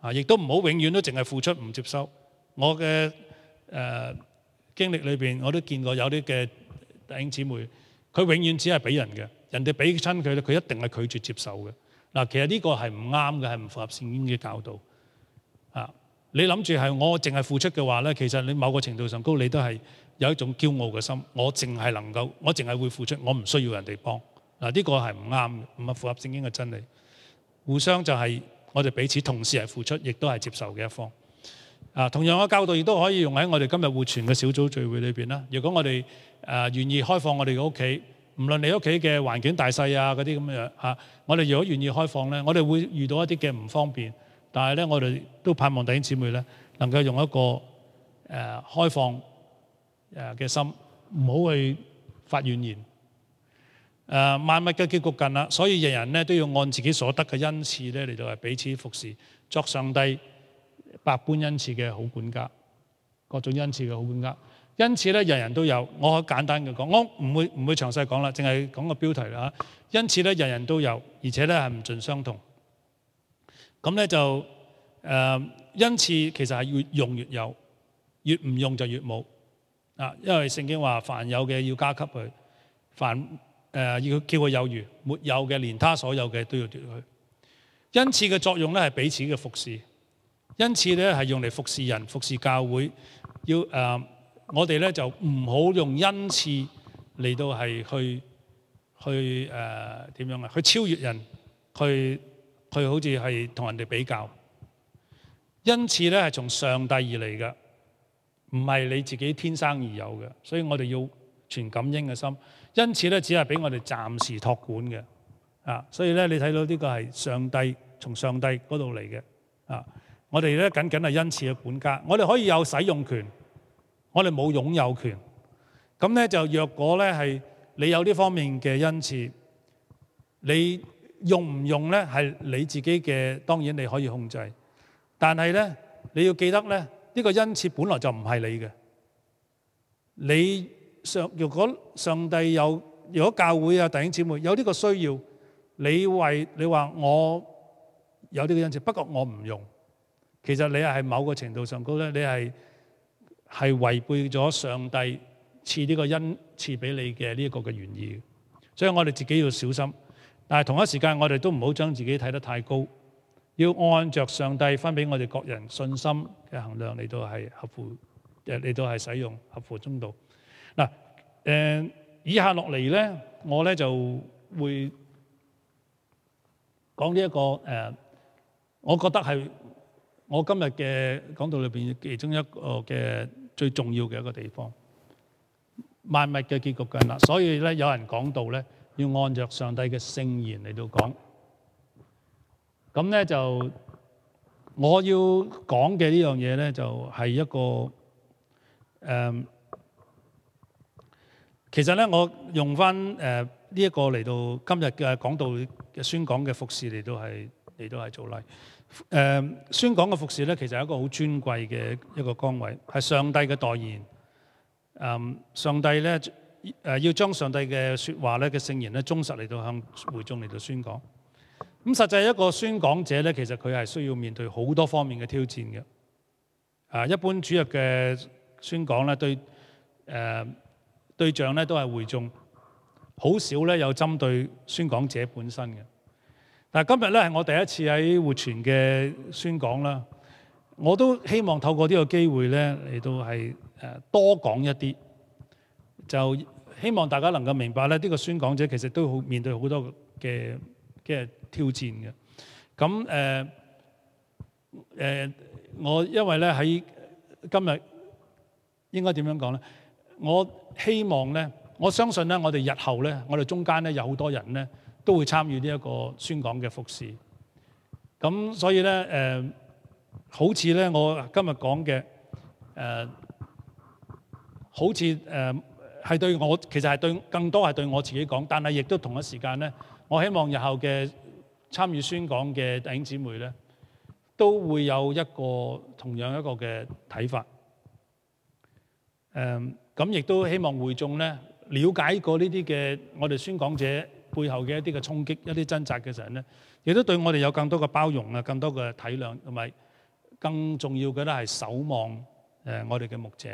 啊，亦都唔好永遠都淨係付出唔接收。我嘅誒經歷裏邊，我都見過有啲嘅弟兄姊妹，佢永遠只係俾人嘅，人哋俾親佢咧，佢一定係拒絕接受嘅。嗱，其實呢個係唔啱嘅，係唔符合聖經嘅教導。你諗住係我淨係付出嘅話咧，其實你某個程度上，高，你都係有一種驕傲嘅心。我淨係能夠，我淨係會付出，我唔需要人哋幫。嗱、這個，呢個係唔啱嘅，唔係符合正經嘅真理。互相就係我哋彼此同時係付出，亦都係接受嘅一方。啊，同樣嘅教導亦都可以用喺我哋今日互傳嘅小組聚會裏邊啦，如果我哋誒願意開放我哋嘅屋企，唔論你屋企嘅環境大細啊嗰啲咁樣吓、啊、我哋如果願意開放咧，我哋會遇到一啲嘅唔方便。但係咧，我哋都盼望弟兄姊妹咧，能夠用一個誒開放誒嘅心，唔好去發怨言。誒萬物嘅結局近啦，所以人人咧都要按自己所得嘅恩賜咧嚟到係彼此服侍，作上帝百般恩賜嘅好管家，各種恩賜嘅好管家。因此咧，人人都有。我可以簡單嘅講，我唔會唔會詳細講啦，淨係講個標題啦吓。因此咧，人人都有，而且咧係唔盡相同。咁咧就。誒，uh, 恩賜其實係越用越有，越唔用就越冇。啊、uh,，因為聖經話凡有嘅要加給佢，凡誒、uh, 要叫佢有餘；沒有嘅連他所有嘅都要奪去。恩賜嘅作用咧係彼此嘅服侍。恩賜咧係用嚟服侍人、服侍教會。要誒，uh, 我哋咧就唔好用恩賜嚟到係去去誒點、uh, 樣啊？去超越人，去去好似係同人哋比較。恩賜咧，係從上帝而嚟嘅，唔係你自己天生而有嘅，所以我哋要存感恩嘅心。因此咧，只係俾我哋暫時託管嘅，啊，所以咧，你睇到呢個係上帝從上帝嗰度嚟嘅，啊，我哋咧僅僅係恩賜嘅管家，我哋可以有使用權，我哋冇擁有權。咁咧就若果咧係你有呢方面嘅恩賜，你用唔用咧係你自己嘅，當然你可以控制。但係咧，你要記得咧，呢個恩賜本來就唔係你嘅。你上若果上帝有，若果教會啊弟兄姊妹有呢個需要，你為你話我有呢個恩賜，不過我唔用，其實你係喺某個程度上講咧，你係係違背咗上帝賜呢個恩賜俾你嘅呢一個嘅原意。所以我哋自己要小心，但係同一時間我哋都唔好將自己睇得太高。要按著上帝分俾我哋各人信心嘅衡量嚟到係合乎，誒嚟到係使用合乎中道。嗱，誒以下落嚟咧，我咧就會講呢一個誒，我覺得係我今日嘅講道裏邊其中一個嘅最重要嘅一個地方。萬物嘅結局近啦，所以咧有人講道咧，要按著上帝嘅聖言嚟到講。咁咧就，我要講嘅呢樣嘢咧，就係一個誒。其實咧，我用返誒呢一個嚟到今日嘅講道嘅宣講嘅服事嚟到係嚟到係做例。誒宣講嘅服事咧，其實係一個好尊貴嘅一個崗位，係上帝嘅代言。誒上帝咧誒要將上帝嘅説話咧嘅聖言咧忠實嚟到向會眾嚟到宣講。咁實際一個宣講者咧，其實佢係需要面對好多方面嘅挑戰嘅。啊，一般主日嘅宣講咧，對誒對象咧都係會眾，好少咧有針對宣講者本身嘅。但係今日咧係我第一次喺活泉嘅宣講啦，我都希望透過呢個機會咧，嚟到係誒多講一啲，就希望大家能夠明白咧，呢個宣講者其實都好面對好多嘅嘅挑戰嘅，咁誒誒，我因為咧喺今日應該點樣講咧？我希望咧，我相信咧，我哋日後咧，我哋中間咧有好多人咧，都會參與呢一個宣講嘅服侍。咁所以咧，誒、呃、好似咧，我今日講嘅誒，好似誒係對我，其實係對更多係對我自己講，但係亦都同一時間咧。我希望日後嘅參與宣講嘅弟兄姊妹咧，都會有一個同樣一個嘅睇法。誒、嗯，咁亦都希望會眾咧，瞭解過呢啲嘅我哋宣講者背後嘅一啲嘅衝擊、一啲掙扎嘅時候咧，亦都對我哋有更多嘅包容啊、更多嘅體諒，同埋更重要嘅咧係守望誒我哋嘅牧者。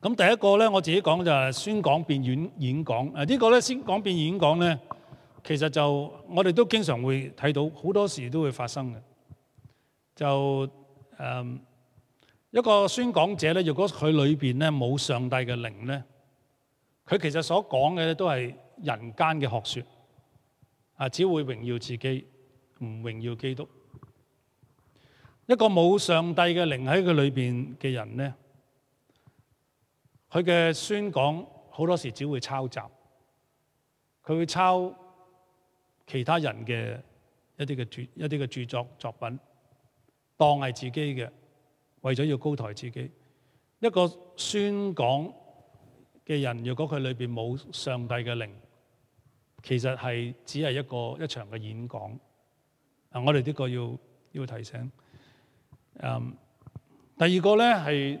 咁第一個咧，我自己講就係宣講變演演講。誒呢個咧，宣講變演講咧，其實就我哋都經常會睇到好多時都會發生嘅。就誒一個宣講者咧，如果佢裏邊咧冇上帝嘅靈咧，佢其實所講嘅咧都係人間嘅學説，啊，只會榮耀自己，唔榮耀基督。一個冇上帝嘅靈喺佢裏邊嘅人咧。佢嘅宣講好多時只會抄襲，佢會抄其他人嘅一啲嘅著一啲嘅著作作品，當係自己嘅，為咗要高抬自己。一個宣講嘅人，如果佢裏邊冇上帝嘅靈，其實係只係一個一場嘅演講。啊，我哋呢個要要提醒。嗯，第二個呢係。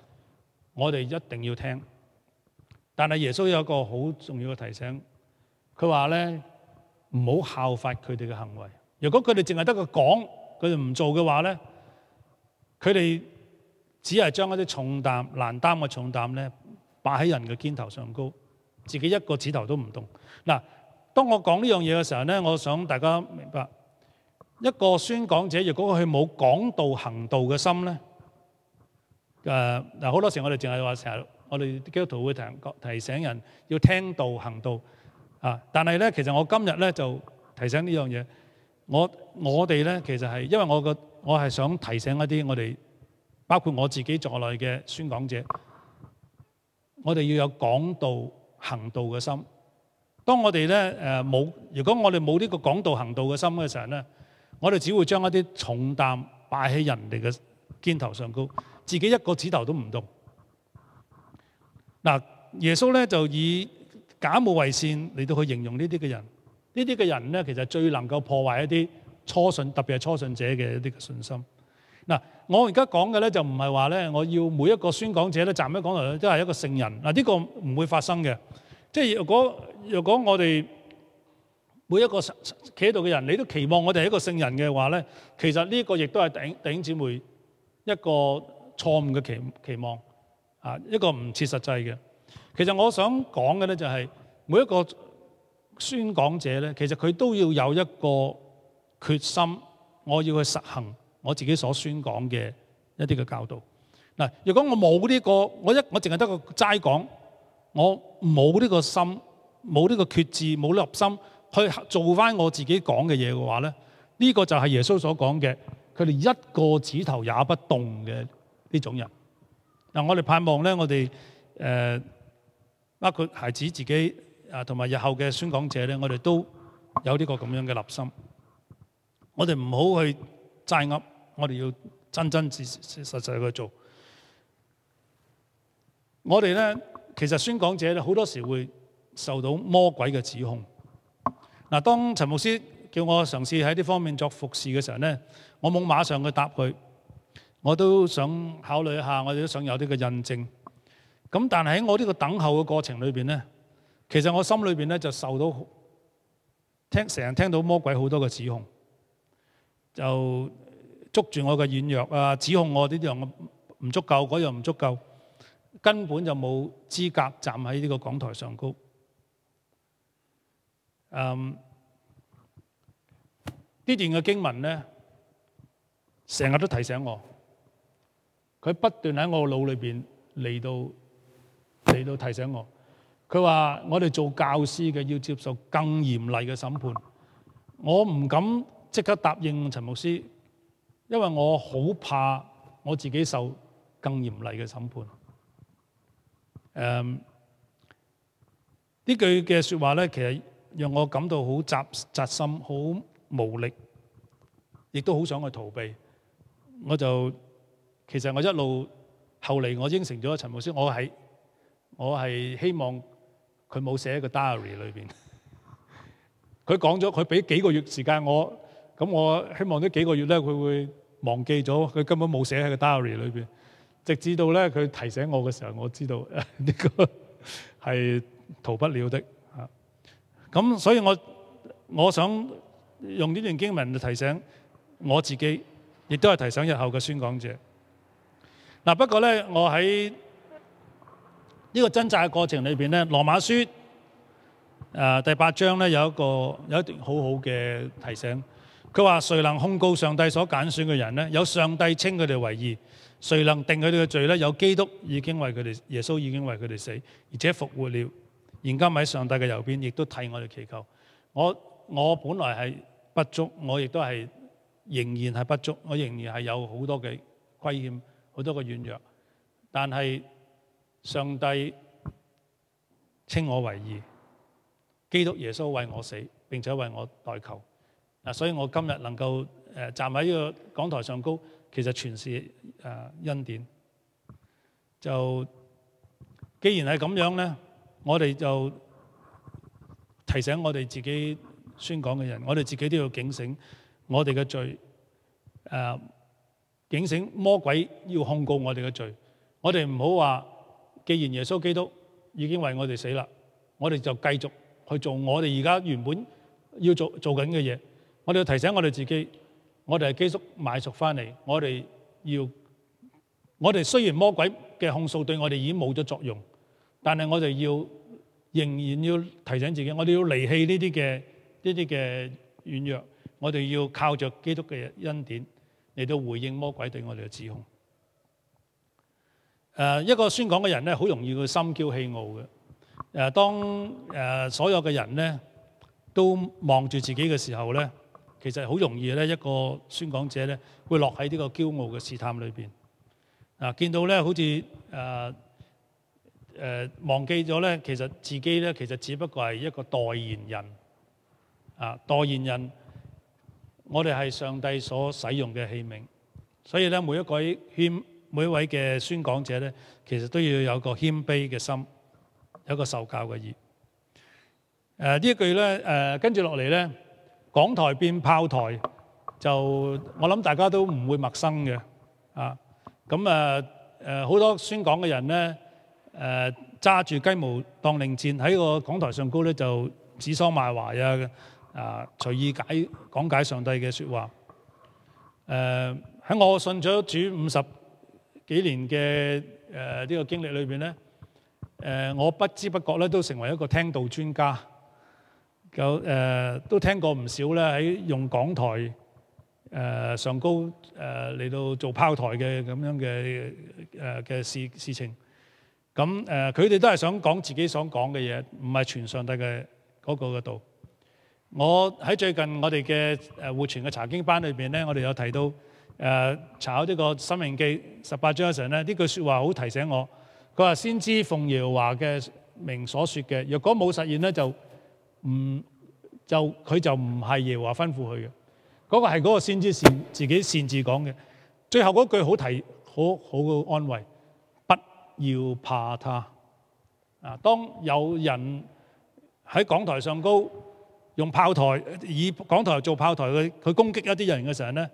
我哋一定要聽，但係耶穌有一個好重要嘅提醒，佢話咧唔好效法佢哋嘅行為。如果佢哋淨係得個講，佢哋唔做嘅話咧，佢哋只係將一啲重擔難擔嘅重擔咧擺喺人嘅肩頭上高，自己一個指頭都唔動。嗱，當我講呢樣嘢嘅時候咧，我想大家明白一個宣講者，如果佢冇講道行道嘅心咧。誒嗱，好、uh, 多時我哋淨係話成日，我哋基督徒會提提醒人要聽道行道啊！Uh, 但係咧，其實我今日咧就提醒呢樣嘢，我我哋咧其實係因為我個我係想提醒一啲我哋包括我自己在內嘅宣講者，我哋要有講道行道嘅心。當我哋咧誒冇，如果我哋冇呢個講道行道嘅心嘅時候咧，我哋只會將一啲重擔擺喺人哋嘅肩頭上高。自己一個指頭都唔動。嗱，耶穌咧就以假冒為善嚟到去形容呢啲嘅人，呢啲嘅人咧其實最能夠破壞一啲初信，特別係初信者嘅一啲嘅信心。嗱，我而家講嘅咧就唔係話咧，我要每一個宣講者咧站喺講台咧都係一個聖人。嗱，呢個唔會發生嘅。即係若果若果我哋每一個坐坐企喺度嘅人，你都期望我哋係一個聖人嘅話咧，其實呢一個亦都係弟兄姊妹一個錯誤嘅期期望啊，一個唔切實際嘅。其實我想講嘅呢，就係每一個宣講者呢，其實佢都要有一個決心，我要去實行我自己所宣講嘅一啲嘅教導嗱。如果我冇呢個，我一我淨係得個齋講，我冇呢個心，冇呢個決志，冇呢個心去做翻我自己講嘅嘢嘅話呢，呢個就係耶穌所講嘅，佢哋一個指頭也不動嘅。呢種人嗱，我哋盼望咧，我哋誒包括孩子自己啊，同埋日後嘅宣講者咧，我哋都有呢個咁樣嘅立心。我哋唔好去齋噏，我哋要真真實實，實實實去做。我哋咧，其實宣講者咧，好多時會受到魔鬼嘅指控。嗱，當陳牧師叫我嘗試喺呢方面作服侍嘅時候咧，我冇馬上去答佢。我都想考慮一下，我都想有呢個印證。咁但係喺我呢個等候嘅過程裏面，其實我心裏面就受到聽，成日聽到魔鬼好多嘅指控，就捉住我嘅軟弱啊，指控我呢樣唔足夠，嗰樣唔足夠，根本就冇資格站喺呢個講台上高。嗯，呢段嘅經文呢，成日都提醒我。佢不斷喺我的腦裏邊嚟到嚟到提醒我，佢話：我哋做教師嘅要接受更嚴厲嘅審判。我唔敢即刻答應陳牧師，因為我好怕我自己受更嚴厲嘅審判。誒，呢句嘅説話咧，其實讓我感到好扎扎心，好無力，亦都好想去逃避。我就。其實我一路後嚟，我應承咗陳牧師，我係我係希望佢冇寫喺個 diary 裏邊。佢講咗，佢俾幾個月時間我，咁我希望呢幾個月咧，佢會忘記咗，佢根本冇寫喺個 diary 裏邊，直至到咧佢提醒我嘅時候，我知道呢 個係逃不了的嚇。咁所以我我想用呢段經文嚟提醒我自己，亦都係提醒日後嘅宣講者。嗱，不過咧，我喺呢個掙扎嘅過程裏邊咧，《羅馬書》誒第八章咧有一個有一段好好嘅提醒。佢話：誰能控告上帝所揀選嘅人咧？有上帝稱佢哋為義。誰能定佢哋嘅罪咧？有基督已經為佢哋，耶穌已經為佢哋死，而且復活了。現今喺上帝嘅右邊，亦都替我哋祈求。我我本來係不足，我亦都係仍然係不足，我仍然係有好多嘅虧欠。好多個軟弱，但係上帝稱我為義，基督耶穌為我死，並且為我代求。嗱，所以我今日能夠誒站喺呢個講台上高，其實全是誒恩典。就既然係咁樣咧，我哋就提醒我哋自己宣講嘅人，我哋自己都要警醒，我哋嘅罪誒。警醒魔鬼要控告我哋嘅罪，我哋唔好話，既然耶穌基督已經為我哋死啦，我哋就繼續去做我哋而家原本要做做緊嘅嘢。我哋要提醒我哋自己，我哋係基督買贖翻嚟，我哋要，我哋雖然魔鬼嘅控訴對我哋已經冇咗作用，但係我哋要仍然要提醒自己，我哋要離棄呢啲嘅呢啲嘅軟弱，我哋要靠着基督嘅恩典。你都回應魔鬼對我哋嘅指控。誒、呃、一個宣講嘅人咧，好容易會心驕氣傲嘅。誒、呃、當誒、呃、所有嘅人咧都望住自己嘅時候咧，其實好容易咧一個宣講者咧會落喺呢個驕傲嘅試探裏邊。嗱、呃，見到咧好似誒誒忘記咗咧，其實自己咧其實只不過係一個代言人啊、呃，代言人。我哋係上帝所使用嘅器皿，所以咧每一位謙，每一位嘅宣講者咧，其實都要有個謙卑嘅心，有個受教嘅意。誒呢一句咧，誒跟住落嚟咧，講台變炮台，就我諗大家都唔會陌生嘅。啊，咁啊誒好多宣講嘅人咧，誒揸住雞毛當令箭，喺個講台上高咧就指桑罵槐啊！啊！隨意解講解上帝嘅説話。誒，喺我信咗主五十幾年嘅誒呢個經歷裏邊咧，誒我不知不覺咧都成為一個聽道專家。就誒都聽過唔少咧喺用港台誒上高誒嚟到做炮台嘅咁樣嘅誒嘅事事情。咁誒佢哋都係想講自己想講嘅嘢，唔係傳上帝嘅嗰個嘅道。我喺最近我哋嘅誒活傳嘅查經班裏邊咧，我哋有提到誒查呢個《申命記》十八章嗰陣咧，呢句説話好提醒我。佢話先知奉耶和華嘅名所説嘅，若果冇實現咧，就唔就佢就唔係耶和華吩咐佢嘅。嗰、嗰個係嗰個先知擅自己擅自講嘅。最後嗰句好提好好嘅安慰，不要怕他。啊，當有人喺講台上高。用炮台以港台做炮台，去攻擊一啲人嘅時候呢，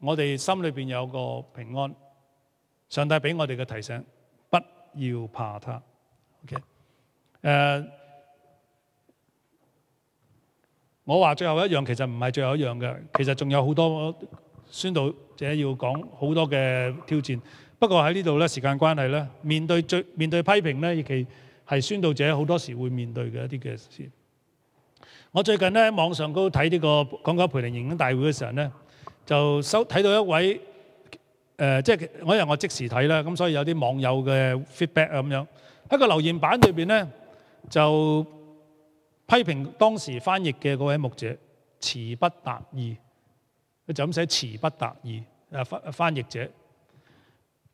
我哋心裏邊有個平安。上帝俾我哋嘅提醒，不要怕他。OK，誒、uh，我話最後一樣，其實唔係最後一樣嘅，其實仲有好多宣道者要講好多嘅挑戰。不過喺呢度呢，時間關係呢，面對最面對批評呢，尤其係宣道者好多時會面對嘅一啲嘅事。我最近咧喺網上都睇呢個港九培靈研經大會嘅時候咧，就收睇到一位誒，即係嗰日我即時睇啦，咁所以有啲網友嘅 feedback 啊，咁樣喺個留言板裏邊咧，就批評當時翻譯嘅嗰位牧者詞不達意，就咁寫詞不達意，誒，翻翻譯者。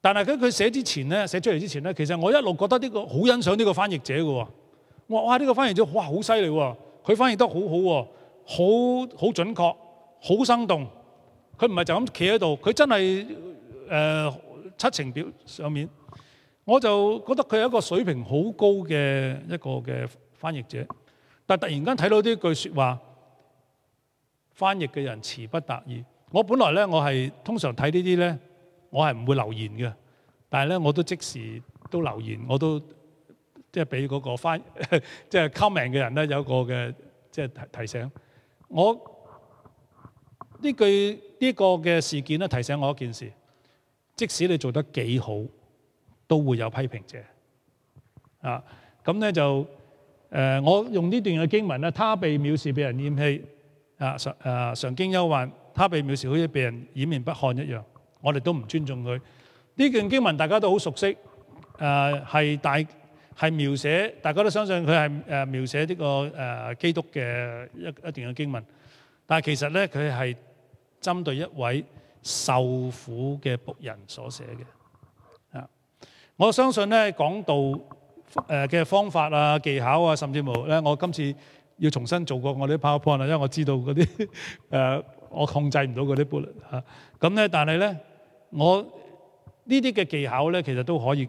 但係喺佢寫之前咧，寫出嚟之前咧，其實我一路覺得呢個好欣賞呢個翻譯者嘅喎，我話哇呢個翻譯者哇好犀利喎。佢翻譯得好好好、哦、喎，好好準確，好生動。佢唔係就咁企喺度，佢真係誒、呃、七情表上面。我就覺得佢係一個水平好高嘅一個嘅翻譯者。但係突然間睇到呢句説話，翻譯嘅人詞不達意。我本來咧，我係通常睇呢啲咧，我係唔會留言嘅。但係咧，我都即時都留言，我都。即係俾嗰個翻，即係 comment 嘅人咧，有一個嘅即係提提醒我呢。我呢句呢個嘅事件咧，提醒我一件事：即使你做得幾好，都會有批評者啊。咁咧就誒、呃，我用呢段嘅經文咧，他被藐視，被人厭棄啊！常啊，常經憂患，他被藐視，好似被人掩面不看一樣。我哋都唔尊重佢。呢段經文大家都好熟悉。誒、啊，係大。係描寫，大家都相信佢係誒描寫呢個誒基督嘅一一段嘅經文，但係其實咧佢係針對一位受苦嘅僕人所寫嘅。啊，我相信咧講道誒嘅方法啊、技巧啊，甚至乎咧，我今次要重新做過我啲 PowerPoint 啦，因為我知道嗰啲誒我控制唔到嗰啲 bullet 嚇。咁咧，但係咧，我呢啲嘅技巧咧，其實都可以。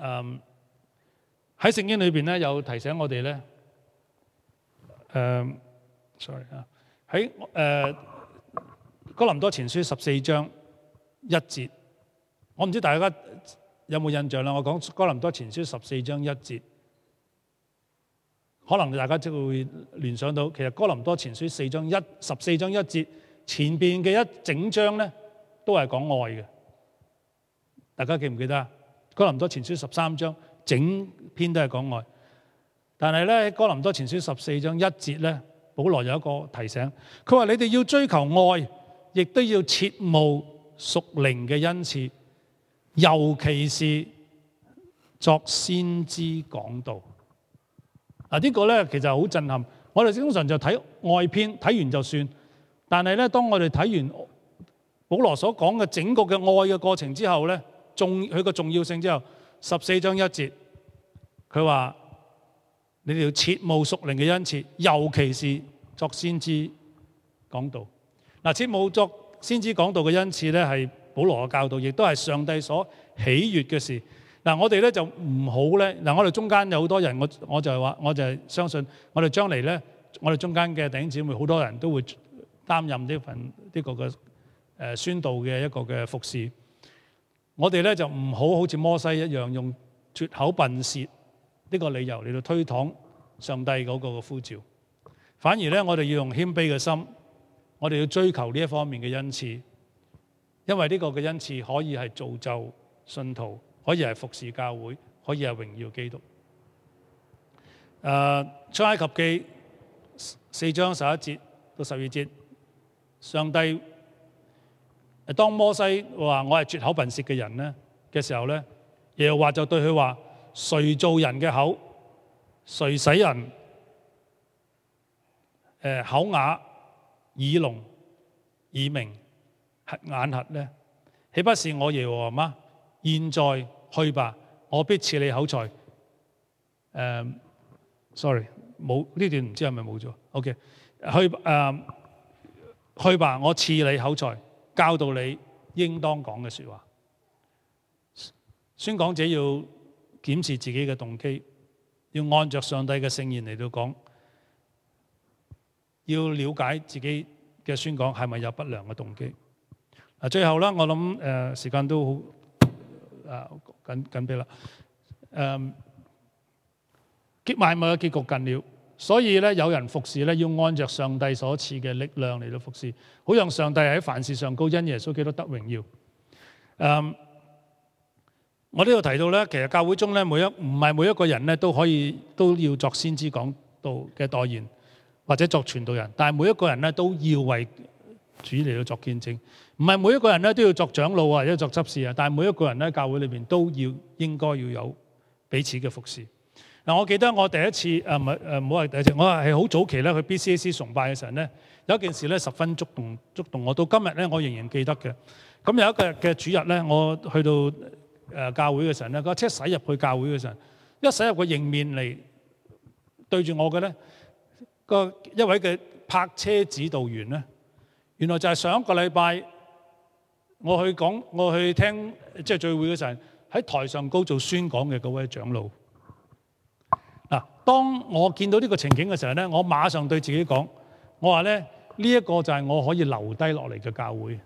嗯，喺、um, 聖經裏邊咧，有提醒我哋咧，嗯、um, sorry 啊，喺誒《哥林多前書》十四章一節，我唔知大家有冇印象啦。我講《哥林多前書》十四章一節，可能大家就會聯想到，其實《哥林多前書》四章一十四章一節前邊嘅一整章咧，都係講愛嘅。大家記唔記得啊？哥林多前書十三章整篇都係講愛，但係咧，哥林多前書十四章一節咧，保羅有一個提醒，佢話：你哋要追求愛，亦都要切慕屬靈嘅恩賜，尤其是作先知講道。嗱、啊這個、呢個咧其實好震撼，我哋通常就睇愛篇，睇完就算。但係咧，當我哋睇完保羅所講嘅整個嘅愛嘅過程之後咧，重佢個重要性之後，十四章一節，佢話：你哋要切慕屬靈嘅恩賜，尤其是作先知講道。嗱，切慕作先知講道嘅恩賜咧，係保羅嘅教導，亦都係上帝所喜悅嘅事。嗱，我哋咧就唔好咧。嗱，我哋中間有好多人，我我就係話，我就係相信，我哋將嚟咧，我哋中間嘅弟兄姊妹好多人都會擔任呢份呢、這個嘅誒、這個呃、宣道嘅一個嘅服侍。我哋呢就唔好好似摩西一樣用拙口笨舌呢個理由嚟到推搪上帝嗰個呼召，反而呢，我哋要用謙卑嘅心，我哋要追求呢一方面嘅恩賜，因為呢個嘅恩賜可以係造就信徒，可以係服侍教會，可以係榮耀基督。誒、啊、出埃及記四章十一節到十二節，上帝。當當摩西話我係絕口笨舌嘅人呢嘅時候呢，耶和華就對佢話：誰造人嘅口，誰使人、呃、口啞耳聾耳明眼瞎呢？豈不是我耶和華嗎？現在去吧，我必賜你口才。誒、呃、sorry，冇呢段唔知係咪冇咗？OK，去、呃、去吧，我賜你口才。教導你應當講嘅說話，宣講者要檢視自己嘅動機，要按照上帝嘅聖言嚟到講，要了解自己嘅宣講係咪有不良嘅動機。嗱，最後咧，我諗誒時間都好啊，緊緊逼啦，誒結埋咪，結局近了。所以咧，有人服侍咧，要按著上帝所賜嘅力量嚟到服侍，好讓上帝喺凡事上高，因耶穌基督得榮耀。誒，我呢度提到咧，其實教會中咧，每一唔係每一個人咧，都可以都要作先知講道嘅代言，或者作傳道人，但係每一個人咧都要為主嚟到作見證。唔係每一個人咧都要作長老啊，或者作執事啊，但係每一個人咧，教會裏邊都要應該要有彼此嘅服侍。嗱，我記得我第一次誒，唔係誒，唔好話第一次，我係好早期咧去 BCAC 崇拜嘅時候咧，有一件事咧，十分觸動觸動我，到今日咧我仍然記得嘅。咁有一個嘅主日咧，我去到誒教會嘅時候咧，個車駛入去教會嘅時候，一駛入個迎面嚟對住我嘅咧，個一位嘅泊車指導員咧，原來就係上一個禮拜我去講我去聽即係聚會嘅時候，喺台上高做宣講嘅嗰位長老。當我見到呢個情景嘅時候咧，我馬上對自己講，我話咧呢一個就係我可以留低落嚟嘅教會。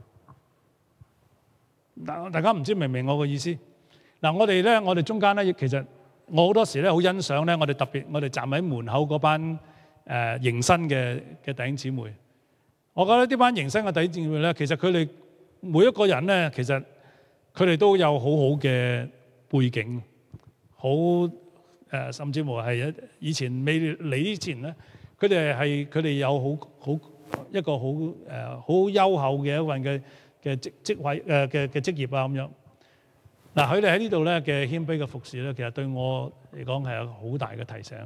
嗱，大家唔知明唔明我嘅意思？嗱，我哋咧，我哋中間咧，亦其實我好多時咧，好欣賞咧，我哋特別我哋站喺門口嗰班誒迎新嘅嘅弟兄姊妹。我覺得呢班迎新嘅弟兄姊妹咧，其實佢哋每一個人咧，其實佢哋都有好好嘅背景，好。誒、啊，甚至乎係一以前未嚟之前咧，佢哋係佢哋有好好一個好誒好優厚嘅一份嘅嘅職職位誒嘅嘅職業啊咁樣。嗱、啊，佢哋喺呢度咧嘅謙卑嘅服侍咧，其實對我嚟講係有好大嘅提醒，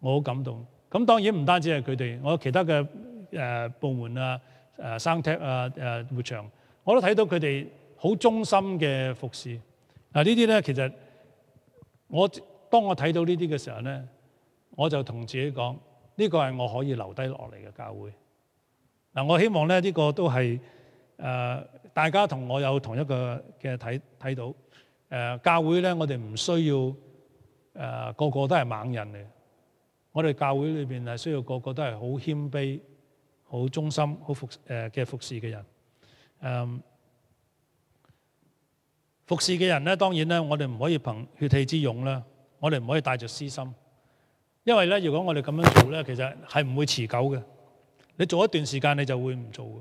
我好感動。咁當然唔單止係佢哋，我其他嘅誒部門啊、誒 sound tech 啊、誒、啊、活場，我都睇到佢哋好忠心嘅服侍。嗱、啊、呢啲咧其實我。當我睇到呢啲嘅時候咧，我就同自己講：呢、這個係我可以留低落嚟嘅教會。嗱，我希望咧呢個都係誒、呃、大家同我有同一個嘅睇睇到。誒、呃、教會咧，我哋唔需要誒、呃、個個都係猛人嚟。我哋教會裏邊係需要個個都係好謙卑、好忠心、好服誒嘅、呃、服侍嘅人。誒、呃、服侍嘅人咧，當然咧，我哋唔可以憑血氣之勇啦。我哋唔可以帶着私心，因為咧，如果我哋咁樣做咧，其實係唔會持久嘅。你做一段時間你就會唔做嘅。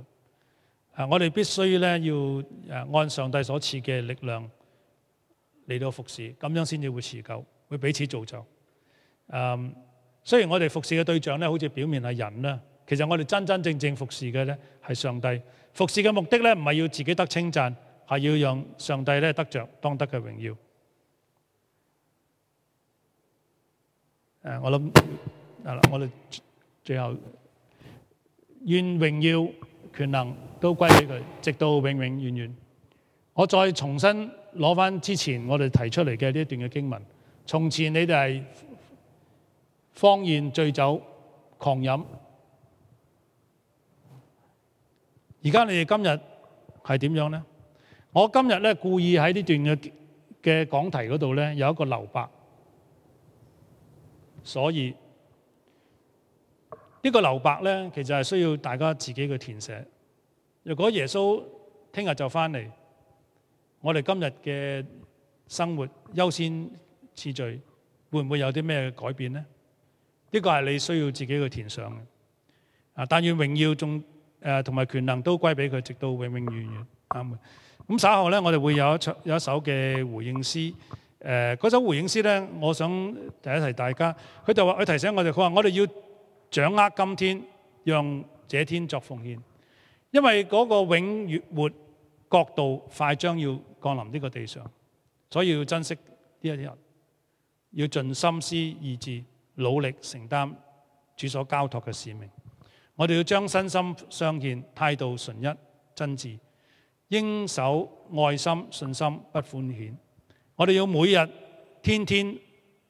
啊，我哋必須咧要誒按上帝所賜嘅力量嚟到服侍，咁樣先至會持久，會彼此造就。誒、嗯，雖然我哋服侍嘅對象咧，好似表面係人啦，其實我哋真真正正服侍嘅咧係上帝。服侍嘅目的咧，唔係要自己得稱讚，係要讓上帝咧得着當得嘅榮耀。誒，我諗，係啦，我哋最後願榮耀權能都歸畀佢，直到永永遠遠。我再重新攞翻之前我哋提出嚟嘅呢一段嘅經文。從前你哋係放宴醉酒狂飲，而家你哋今日係點樣咧？我今日咧故意喺呢段嘅嘅講題嗰度咧有一個留白。所以呢個留白咧，其實係需要大家自己去填寫的。如果耶穌聽日就翻嚟，我哋今日嘅生活優先次序會唔會有啲咩改變呢？呢個係你需要自己去填上嘅。啊，但願榮耀、仲誒同埋權能都歸俾佢，直到永永遠遠阿們。咁、啊、稍後咧，我哋會有一出有一首嘅回應詩。誒嗰、呃、首回應詩咧，我想提一提大家。佢就話：佢提醒我哋，佢話我哋要掌握今天，讓這天作奉獻，因為嗰個永越活國度快將要降臨呢個地上，所以要珍惜呢一日，要盡心思意志努力承擔主所交託嘅使命。我哋要將身心相獻，態度純一真摯，應守愛心信心不歡喜。我哋要每日天天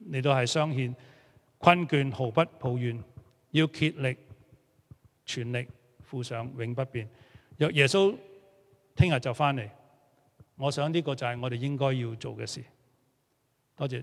嚟到係相見，困倦毫不抱怨，要竭力全力付上永不變。若耶穌聽日就翻嚟，我想呢個就係我哋應該要做嘅事。多謝。